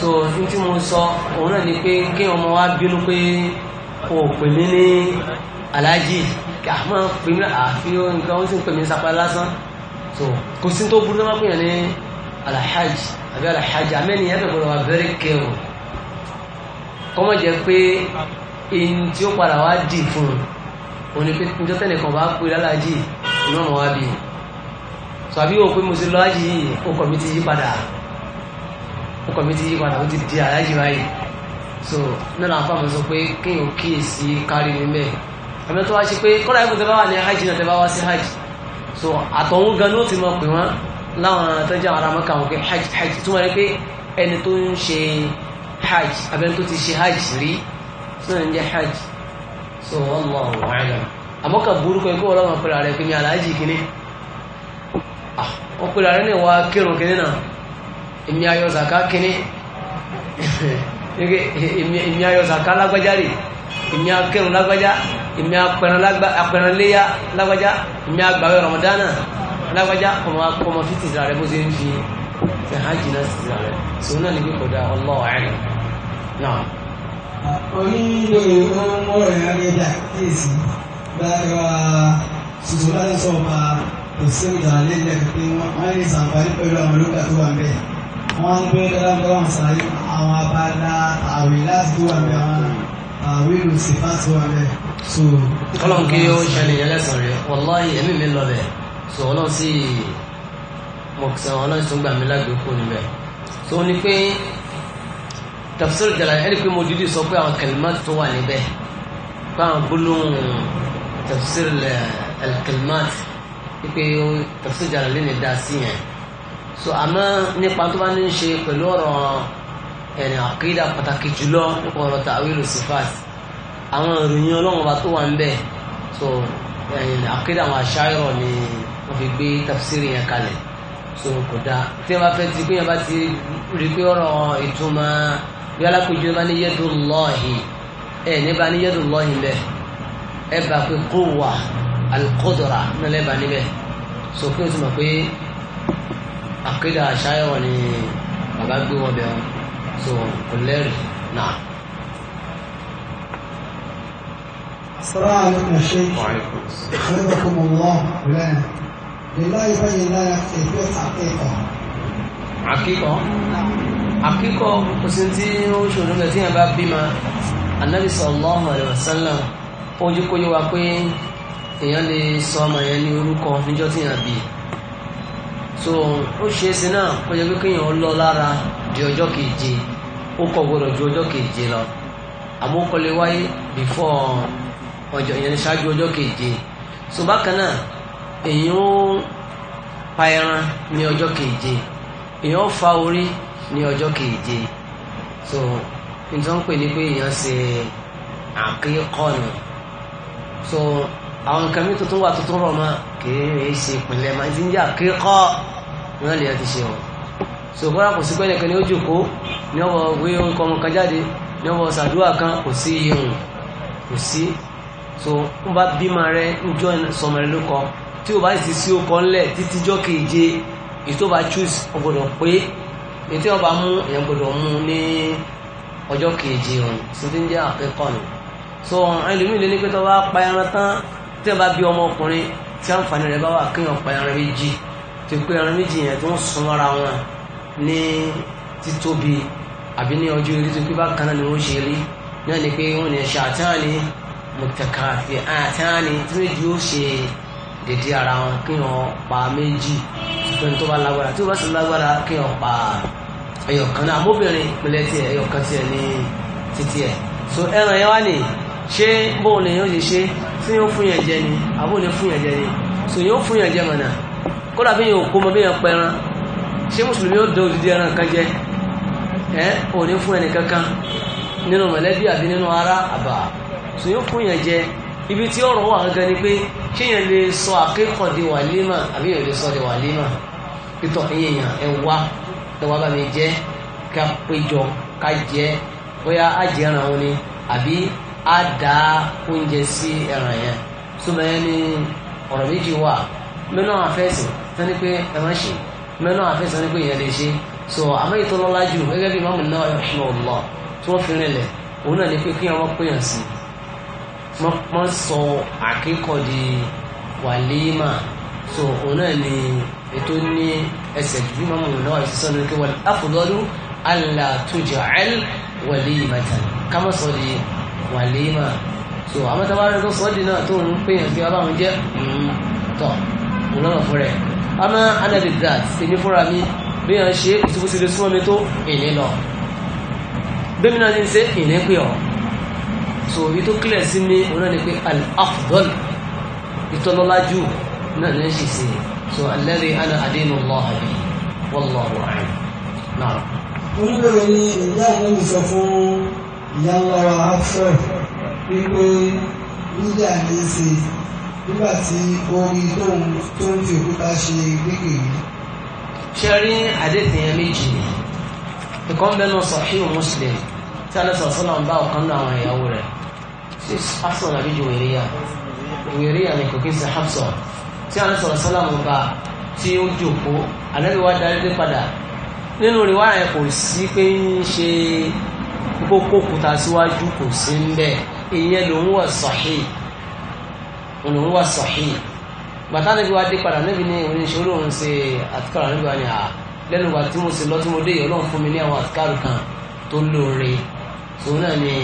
so ní tí mo sọ òun náà ni pé kí ọmọ wa bínú pé o pè mí ní alhaji kí a máa pè mí àfi nǹkan ó sì ń pè mí sápá lásán so kò sí tó burú náà má pè yàn ní alahaj àbí alahaj amẹ́ni ẹ̀dọ̀gbọ̀n wa very careful kọ́mọ̀ jẹ́ pé in tí ó padà wá dì fún un òní pé njọ́ tẹ́nìkan bá pè lálàájì iná ọ̀nà wa bì í sọ àbí òun pé mo ti lọ ájì yìí ọkọ̀ mi ti yí padà ọkọ̀ mi ti yí padà ó ti di alájì báyìí so náà làwọn fáwọn sọ pé kéèyàn kíyèsí kárí ni mẹ́ẹ̀ àmì tó wá ṣe pé kọ́lá ẹ̀kọ́ tẹ́ bá wà ní hajj náà tẹ́ bá wá sí hajj so àtọ̀hún gan ló ti mọ̀ pé wọ́n láwọn tó jẹ́ ara mọ́ka wọn pé hajj hajj túmọ̀ rẹ pé ẹni tó ń ṣe hajj abẹ́ni tó ti ṣe hajj rí sínú ń jẹ́ hajj so wallahu a'lam àmọ́ka burúkú ẹ̀kọ́ ọlọ́wọ́n pẹ̀lú ààrẹ pé ní aláàjì kìíní ah, wọ́n pẹ̀lú ààrẹ náà wá kírun kìíní náà èmi ayọ̀ zaka kìíní èmi ayọ̀ zaka lágbájá rè èmi akẹ́rùn lágbájá èmi apẹ̀rẹ̀ léyà lágbájá èmi agbàwẹ̀ Ramadana alágbájá ọmọ akọmọ fi tìsíra rẹ bó ṣe ń fi fi hajj náà tìsíra rẹ sòun náà ní bí kódà Allahu a'lam náà. onílé ọmọ rẹ̀ abẹ́dà kéèsì bá ẹwà tuntun láti sọ ọba òsì ìdàlẹ́ ilẹ̀ pé wọ́n lè sàǹfààní pẹ̀lú àwọn olùkà tó wà ń bẹ̀. wọ́n ń gbé dáadáa sàárè àwọn abala àwìn láti tó wà ń bẹ̀ wọn àwìn lòsì fásitì wà ń bẹ̀. ọlọ́run kí ó ṣẹlẹ̀ yẹn so ọlọ́run sì mọ̀kísàn ọlọ́run sì ń gbà mí lágbèékò níbẹ̀ so ní pé tafsir Jalalayn ẹni pé mo dídí sọ pé àwọn kalimat tó wà níbẹ̀ pé àwọn gbólóhùn tafsir al-kalimat pípé tafsir Jalalayn ní dá sí yẹn so àmọ́ nípa tó bá ní í ṣe pẹ̀lú ọ̀rọ̀ ẹni àkídà pàtàkì jùlọ nípa ọ̀rọ̀ ta'wilu sifat àwọn ìròyìn ọlọ́run ọba tó wà ń bẹ̀ so ẹni àkídà àwọn aṣáírọ̀ ni wọ́n fi gbé tafsiri yẹn kalẹ̀ so kò dáa tí wọ́n bá fẹ́ ti pé yẹn bá ti rí pé ọ̀rọ̀ ìtumọ̀ bí alákòjú bá ní yadullahi ẹ̀ níbà ní yadullahi bẹ́ẹ̀ ẹ bá pé quwwa al-qudra nílẹ̀ bá níbẹ̀ so kí o ti mọ̀ pé àkídà àṣàyẹ̀wò ni bàbá gbé wọn bẹ̀ so kò lẹ́rìí náà. السلام عليكم يا شيخ حفظكم الله مولانا Billahi fa yìlá ètò àkíkọ̀. Àkíkọ̀? Àkíkọ̀ kò sí tí ó ṣòro rẹ̀ tí yẹn bá bímọ. Ànábì sallallahu alaihi wasallam ó jí kó yé wa pé èèyàn lè sọ ọmọ yẹn ní orúkọ níjọ́ tí yẹn bí. So ó ṣe é sí náà kó yẹ pé kéèyàn lọ lára di ọjọ́ keje ó kọ̀ gbọ́dọ̀ ju ọjọ́ keje lọ. Àmọ́ kọ́ lè wáyé before ọjọ́ ìyẹn ṣáájú ọjọ́ keje. So bákan náà èyàn ó pa ẹran ní ọjọ́ keje èyàn ó fa orí ní ọjọ́ keje so nítorí wọn pè ní pé èyàn ṣe àkíkọ́nù so àwọn nǹkan mi tuntun wà tuntun rọ̀ mọ́ kìí ṣe ìpínlẹ̀ máa ti ń jẹ́ àkíkọ́ wọn lè ti ṣe o so kọ́ra kò sí pé ẹnìkan ni ó jókòó ní ọwọ́ wí orúkọ ọmọ kan jáde ní ọwọ́ sàdúrà kan kò sí iye hùn kò sí so ń bá bímọ rẹ ń jọ sọmọ rẹ ló kọ tí o bá sì sí o kàn lẹ̀ títí jọ́ keje èyí tó bá choose o gbọ́dọ̀ pé èyí tí wọ́n bá mú èyàn gbọ́dọ̀ mú ní ọjọ́ keje ọ̀hún sí ti ń jẹ́ àpẹ́kọ̀ ni so ẹlòmíì lè ní pé tó bá pa ẹran tán tí wọ́n bá bí ọmọkùnrin tí àǹfààní rẹ̀ bá wà kéèyàn pa ẹran méjì tó pé ẹran méjì yẹn tó ń sun ara wọn ní títóbi àbí ní ọjọ́ orí tó pé bákan náà ni wọ́n ṣe rí náà ni pé wọ́n ní ẹ̀ṣẹ̀ àtẹ́hàn ni mọ̀tẹ̀kà àti àtẹ́hàn ni tí méjì ó ṣe dèdè ara wọn kí wọn pa méjì pẹ̀lú tó bá lágbára tí ó bá sì lágbára kí wọn pa ẹyọkan náà amóbìnrin ìpínlẹ̀ tiẹ̀ ẹyọkan tiẹ̀ ní títí ẹ̀ so ẹran yẹn wá ní ṣé bóun lè yóò ṣe ṣe tí yóò fún yẹn jẹ ni àbóun lè fún yẹn jẹ ni so yóò fún yẹn jẹ mọ̀nà kódà bí yẹn ò kó mọ bí yẹn pẹran ṣé mùsùlùmí yóò dé òdìdí ẹran kan jẹ ẹ ò ní fún ẹnì kankan nínú mọ̀lẹ́bí àbí nínú ara àbà so yóò fún yẹn jẹ ibi tí ọ̀rọ̀ wà gangan ni pé kíyàn lè sọ akẹ́kọ̀ọ́dé wà lẹ́mà àbí èèyàn lè sọ ọdẹ wà lẹ́mà pítọ̀ èèyàn ẹ wá ẹ wá bá mi jẹ́ ká péjọ ká jẹ bóyá á jẹ ẹran wọn ni àbí á dá oúnjẹ sí ẹran yẹn súnmọ́ yẹn ni ọ̀rọ̀ méjì wà mẹ́nu àfẹ́sì sani pé ẹ má ṣe mẹ́nu àfẹ́sì sani pé èèyàn lè ṣe so àmọ́ ìtọ́lọ́lá jù gẹ́gẹ́ bí Imam Nawawi rahimahullah tí wọ́n fi rinlẹ̀ òun náà ni pé mọ́ sọ àkíkọ̀ di wàlímà so òun náà ni ètò ní ẹsẹ̀ tí mọ́ mọ́ náà ti sọ́nà pé wọ́n afdalu alla tuj'al walimatan ká mọ́ sọ di wàlímà so àwọn tó bá rẹ tó sọ di náà tó ń pè yàn sí ọlọ́run jẹ́ hmm, tọ̀ òun náà fún rẹ̀ àmọ́ anabi dat èmi fúnra mi bí yàn ṣe ìtúbùsílẹ̀ súnmọ́ mi tó ìní lọ bẹ́ẹ̀ mi náà ti ń ṣe ìní pé ọ̀ so ibi tó kílẹ̀ sí mi òun náà ni pé al-afdal ìtọ́lọ́lájú náà ní ṣì sí so alladhi ana adinu Allaha bi wallahu a'lam náà. oníbẹ̀rẹ̀ ni ìyá àwọn ìsọ fún ìyá ńlára afẹ́ wípé nígbà ní í ṣe nígbà tí orí tóun tó ń fi òkúta ṣe gbégbé ṣe rí àdéhùn yẹn méjì ẹ̀kọ́ ń bẹ́ẹ̀ náà tí a ní sọ̀sọ́nà ń bá ọ̀kan náà àwọn ìyàwó rẹ̀ ṣe hapsọ nàbí ju wèrèyà wèrèyà ni kò kí ń ṣe hapsọ tí a ní sọ̀sọ́nà ń bá tí ó jòkó ànábi wá darí dé padà nínú rẹ̀ wáyà kò sí pé ń ṣe kókó kúta síwájú kò sí ń bẹ̀ ìyẹn ló ń wà sahih ló ń wà sahih bàtà níbi wá dé padà níbi ní oníṣòro ń ṣe àtikọ̀rọ̀ níbi wá ní à lẹ́nu ìgbà tí mo ṣe lọ tí mo dé yìí ọlọ́run fún mi ní àwọn àtikọ̀rọ̀ kan tó lóore òun náà ni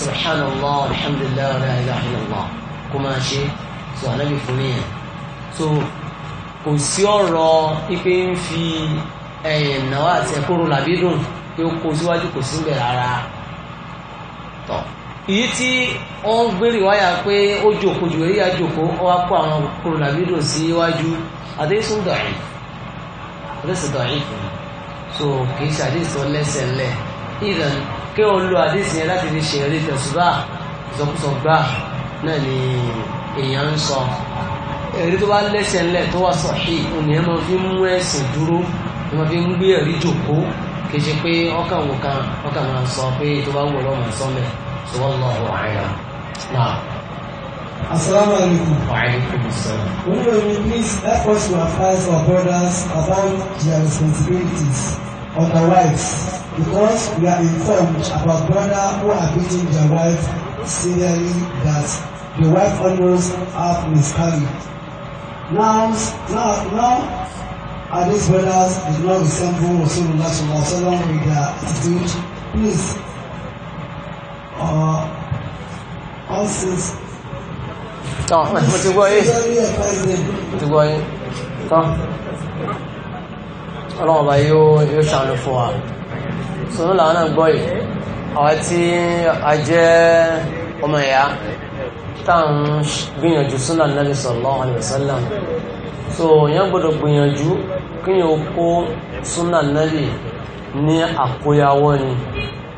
subhanallah alhamdulillah la ilaha illallah kó máa ṣe so ànábì fún nìyẹn so kò sí ọ̀rọ̀ ipe ń fi ẹ̀yìn náà àti ẹ̀kọ́rọ̀ làbí dùn pé ó kó síwájú kò sí bẹ̀rẹ̀ ara tọ̀ èyí tí wọ́n ń gbé pé ó jòkó jù èyí àjòkó ó wá kó àwọn kòrò làbí dùn síwájú àdéhùn dọ̀rìn àdéhùn dọ̀rìn fún un so kì í ṣe àdéhùn lẹ́sẹ̀ ńlẹ̀ ìdàn kí o lo àdéhùn yẹn láti fi ṣe eré tẹ̀síbà ìsọkúsọ gbà náà ni èèyàn ń sọ ẹ̀rí tó bá lẹ́sẹ̀ ńlẹ̀ tó wà sọ̀hí òní ẹ̀ máa fi mú ẹ̀sìn dúró ẹ̀ máa fi ń gbé ẹ̀rí jòkó kì í ṣe pé ọkàn wò kan ọkàn máa ń sọ pé tó bá wù ọlọ́mọ sọ́mẹ̀ tó wọ́n lọ ọ̀rọ̀ àyà náà. Assalamu alaikum. Wa alaikum assalam. When you will please help us to advise our brothers about their responsibilities on their wives because we are informed about brother who are beating their wife severely that the wife almost have miscarriage. Now, now, now, are these brothers did not resemble Rasulullah sallallahu alaihi wasallam with their attitude? Please, uh, all sins. Tán, mo ti gbọ́ yín. Mo ti gbọ́ yín. Tán. Ọlọ́run ọba yóò ṣàánú fún wa sọ̀nà làwọn náà gbọ́ yìí àwa tí a jẹ́ ọmọ ẹ̀yà táwọn gbìyànjú súnà nàbì sallallahu alaihi wasallam so èèyàn gbọ́dọ̀ gbìyànjú kíyàn kó súnà nàbì ní àkóyawọ́ ni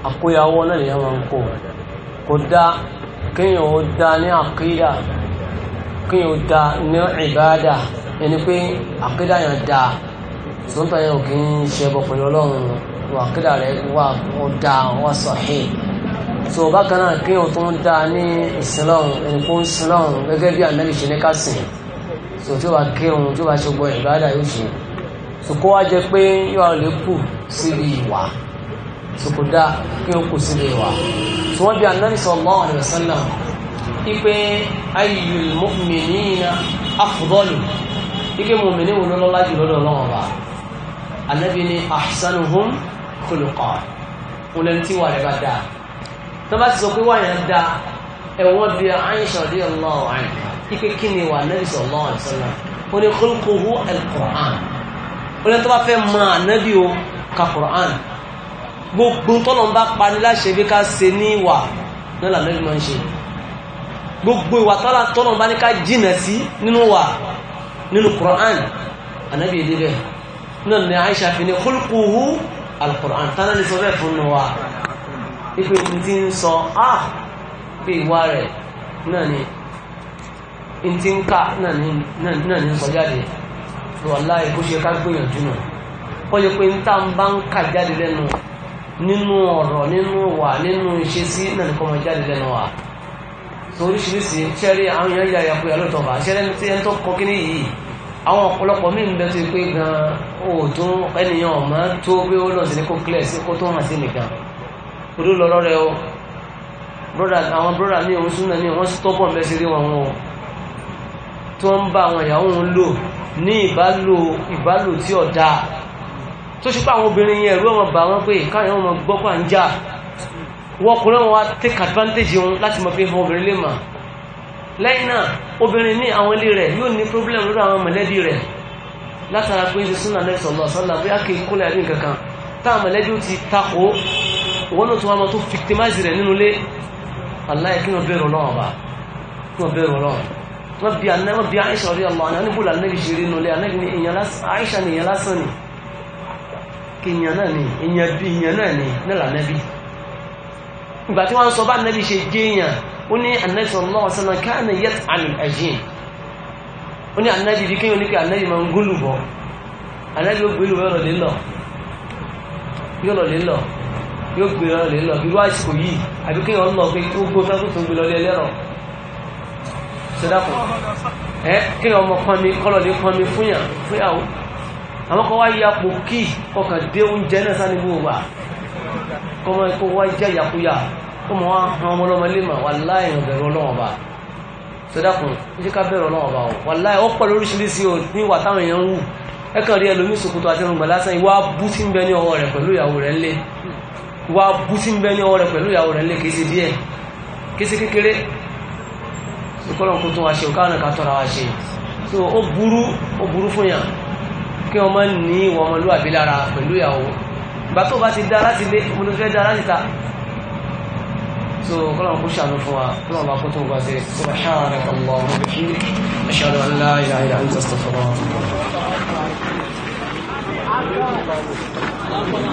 àkóyawọ́ náà lè máa ń kó kò dá kíyàn ó dá ní àkídà kíyàn ó dá ní ìbáadà ẹni pé àkídà yẹn dáa sọ́ńtà yẹn ò kí ń ṣẹbọ pẹ̀lú ọlọ́run wà kídà rẹ̀ wà ọ̀dà wà sọ̀hìn so bákan náà kí o tó ń dá ní ìsinlọ́run ẹni ń sinlọ́run gẹ́gẹ́ bí àmẹ́lì ṣe ní kásìn so tí ó bá kírun tí ó bá ṣe gbọ́ ìbádà yóò ṣe so kó wá jẹ pé yóò àwọn lè kù síbi ìwà so kò dá kí o kù síbi ìwà so wọ́n bí àmẹ́lì sallallahu alaihi wasallam ipe ayyul mu'minina afdalu ike mọ̀mìnì wò lọ́lọ́lá jù lọ́dọ̀ ọlọ́wọ́n anabi ni ahsanuhum khuluqan wọn lẹni tí wà rẹ bá dáa tó bá ti sọ pé wà yẹn dáa ẹ̀wọ́n bí Aisha radiyallahu anha ike kí ni wà anabi sallallahu alaihi wasallam wọn ni khuluquhu al-Qur'an wọn lẹni tó bá fẹ́ mọ anabi o ka Qur'an gbogbo tọ́lọ̀ ń bá pani láṣẹ bí ká ṣe ní ìwà náà lànàbí máa ń ṣe gbogbo ìwà tọ́lá tọ́lọ̀ ń bá ní ká jìnà sí nínú wà nínú Qur'an anabi èdè bẹ́ẹ̀ náà ni Aisha fi ní kúlùkùhù alukur'an tánà ní sọ bẹ́ẹ̀ fún un wa ipe ohun tí ń sọ á ah! pé ìwà rẹ̀ náà ni n ti ń ká náà ní sọ jáde wàláhì kó ṣe ká gbìyànjú nù kó yẹ pé n tá n bá ń kà jáde lẹ́nu nínú ọ̀rọ̀ nínú wà nínú ìṣesí náà ní kọ́ mọ jáde lẹ́nu wa toríṣiríṣi ṣẹ́rí àwọn èèyàn yà yà kó yà bá ṣẹ́rẹ́ ẹni tó kọ́ kí ni yìí àwọn ọ̀pọ̀lọpọ̀ míì ń bẹ tó pé gan òòtún ènìyàn ọ̀mọ́ tó pé ó lọ sí ní kó clear sí kó tó hàn sí nìkan odó lọ lọ́rẹ́ o àwọn brọ́dà míì òun súnmọ́ ní wọ́n tọ́pọ̀ ń bẹ́ sí rí wọn o, tó ń bá àwọn ìyàwó òun lò ní ìbálò ìbálò tí ò dáa tó ṣe pé àwọn obìnrin yẹn ẹ̀rú ọmọ bà wọ́n pé káyọ̀ wọn gbọ́pọ̀ à ń jà wọ́n kúrẹ́ wọn wá take advantage wọn láti mọ̀ pé ọmọbìnrin lè mà lẹ́yìn náà obìnrin ní àwọn ilé rẹ̀ yóò ní problem lórí àwọn mọ̀lẹ́bí rẹ̀ látara pé ṣe súnà lẹ́sọ̀ lọ sọ́nà bí a kì í kúnlẹ̀ àbí nǹkan kan táwọn mọ̀lẹ́bí ó ti takò òun náà tó wọn tó victimize rẹ̀ nínú ilé aláì kí wọ́n bẹ̀rù ọlọ́run ọba kí wọ́n bẹ̀rù ọlọ́run wọ́n bí aná wọ́n bí Aisha rí ọlọ́run àná níbo lànàbí ṣe rí nínú ilé Aisha ní ìyẹn lásán ni kí ìgbà tí wọ́n sọ bá nẹ́bí ṣe jéèyàn ó ní ànẹ́bí sallallahu alaihi wasallam kana yat'anul ajin ó ní ànẹ́bí bí kéèyàn ní pé ànẹ́bí máa ń gólùbọ̀ ànẹ́bí ó gbélùbọ̀ yọ̀rọ̀ lélọ̀ yọ̀rọ̀ lélọ̀ yóò gbé lọ lè kọmọ kó wá já yakuya kọmọ wá hàn ọmọ ọlọmọ lè mà wà láì yàn bẹ̀rù ọlọ́wọ́n ọba sọdákun ní ká bẹ̀rù ọlọ́wọ́n ọba o wà láì ó pẹ̀lú oríṣiríṣi o ní ìwà táwọn èèyàn ń wù ẹ kàn rí ẹlòmíì ṣòkòtò àti irùngbọ̀n lásán ìwà bú sí ń bẹ ní ọwọ́ rẹ̀ pẹ̀lú ìyàwó rẹ̀ ńlẹ̀ ìwà bú sí ń bẹ ní ọwọ́ rẹ̀ pẹ̀lú ìyàwó rẹ̀ ńlẹ̀ kìí ṣe díẹ̀ kékeré ìkọlọ̀ kó tún ṣe òkáwọn so ó burú ó burú fún yàn kí wọ́n máa ń ní ìgbà tó bá ti dá láti lé mo ló fẹ́ dá láti ta so kọ́lọ̀n kó ṣàánú fún wa kọ́lọ̀n bá kó tó gbà sí subhanaka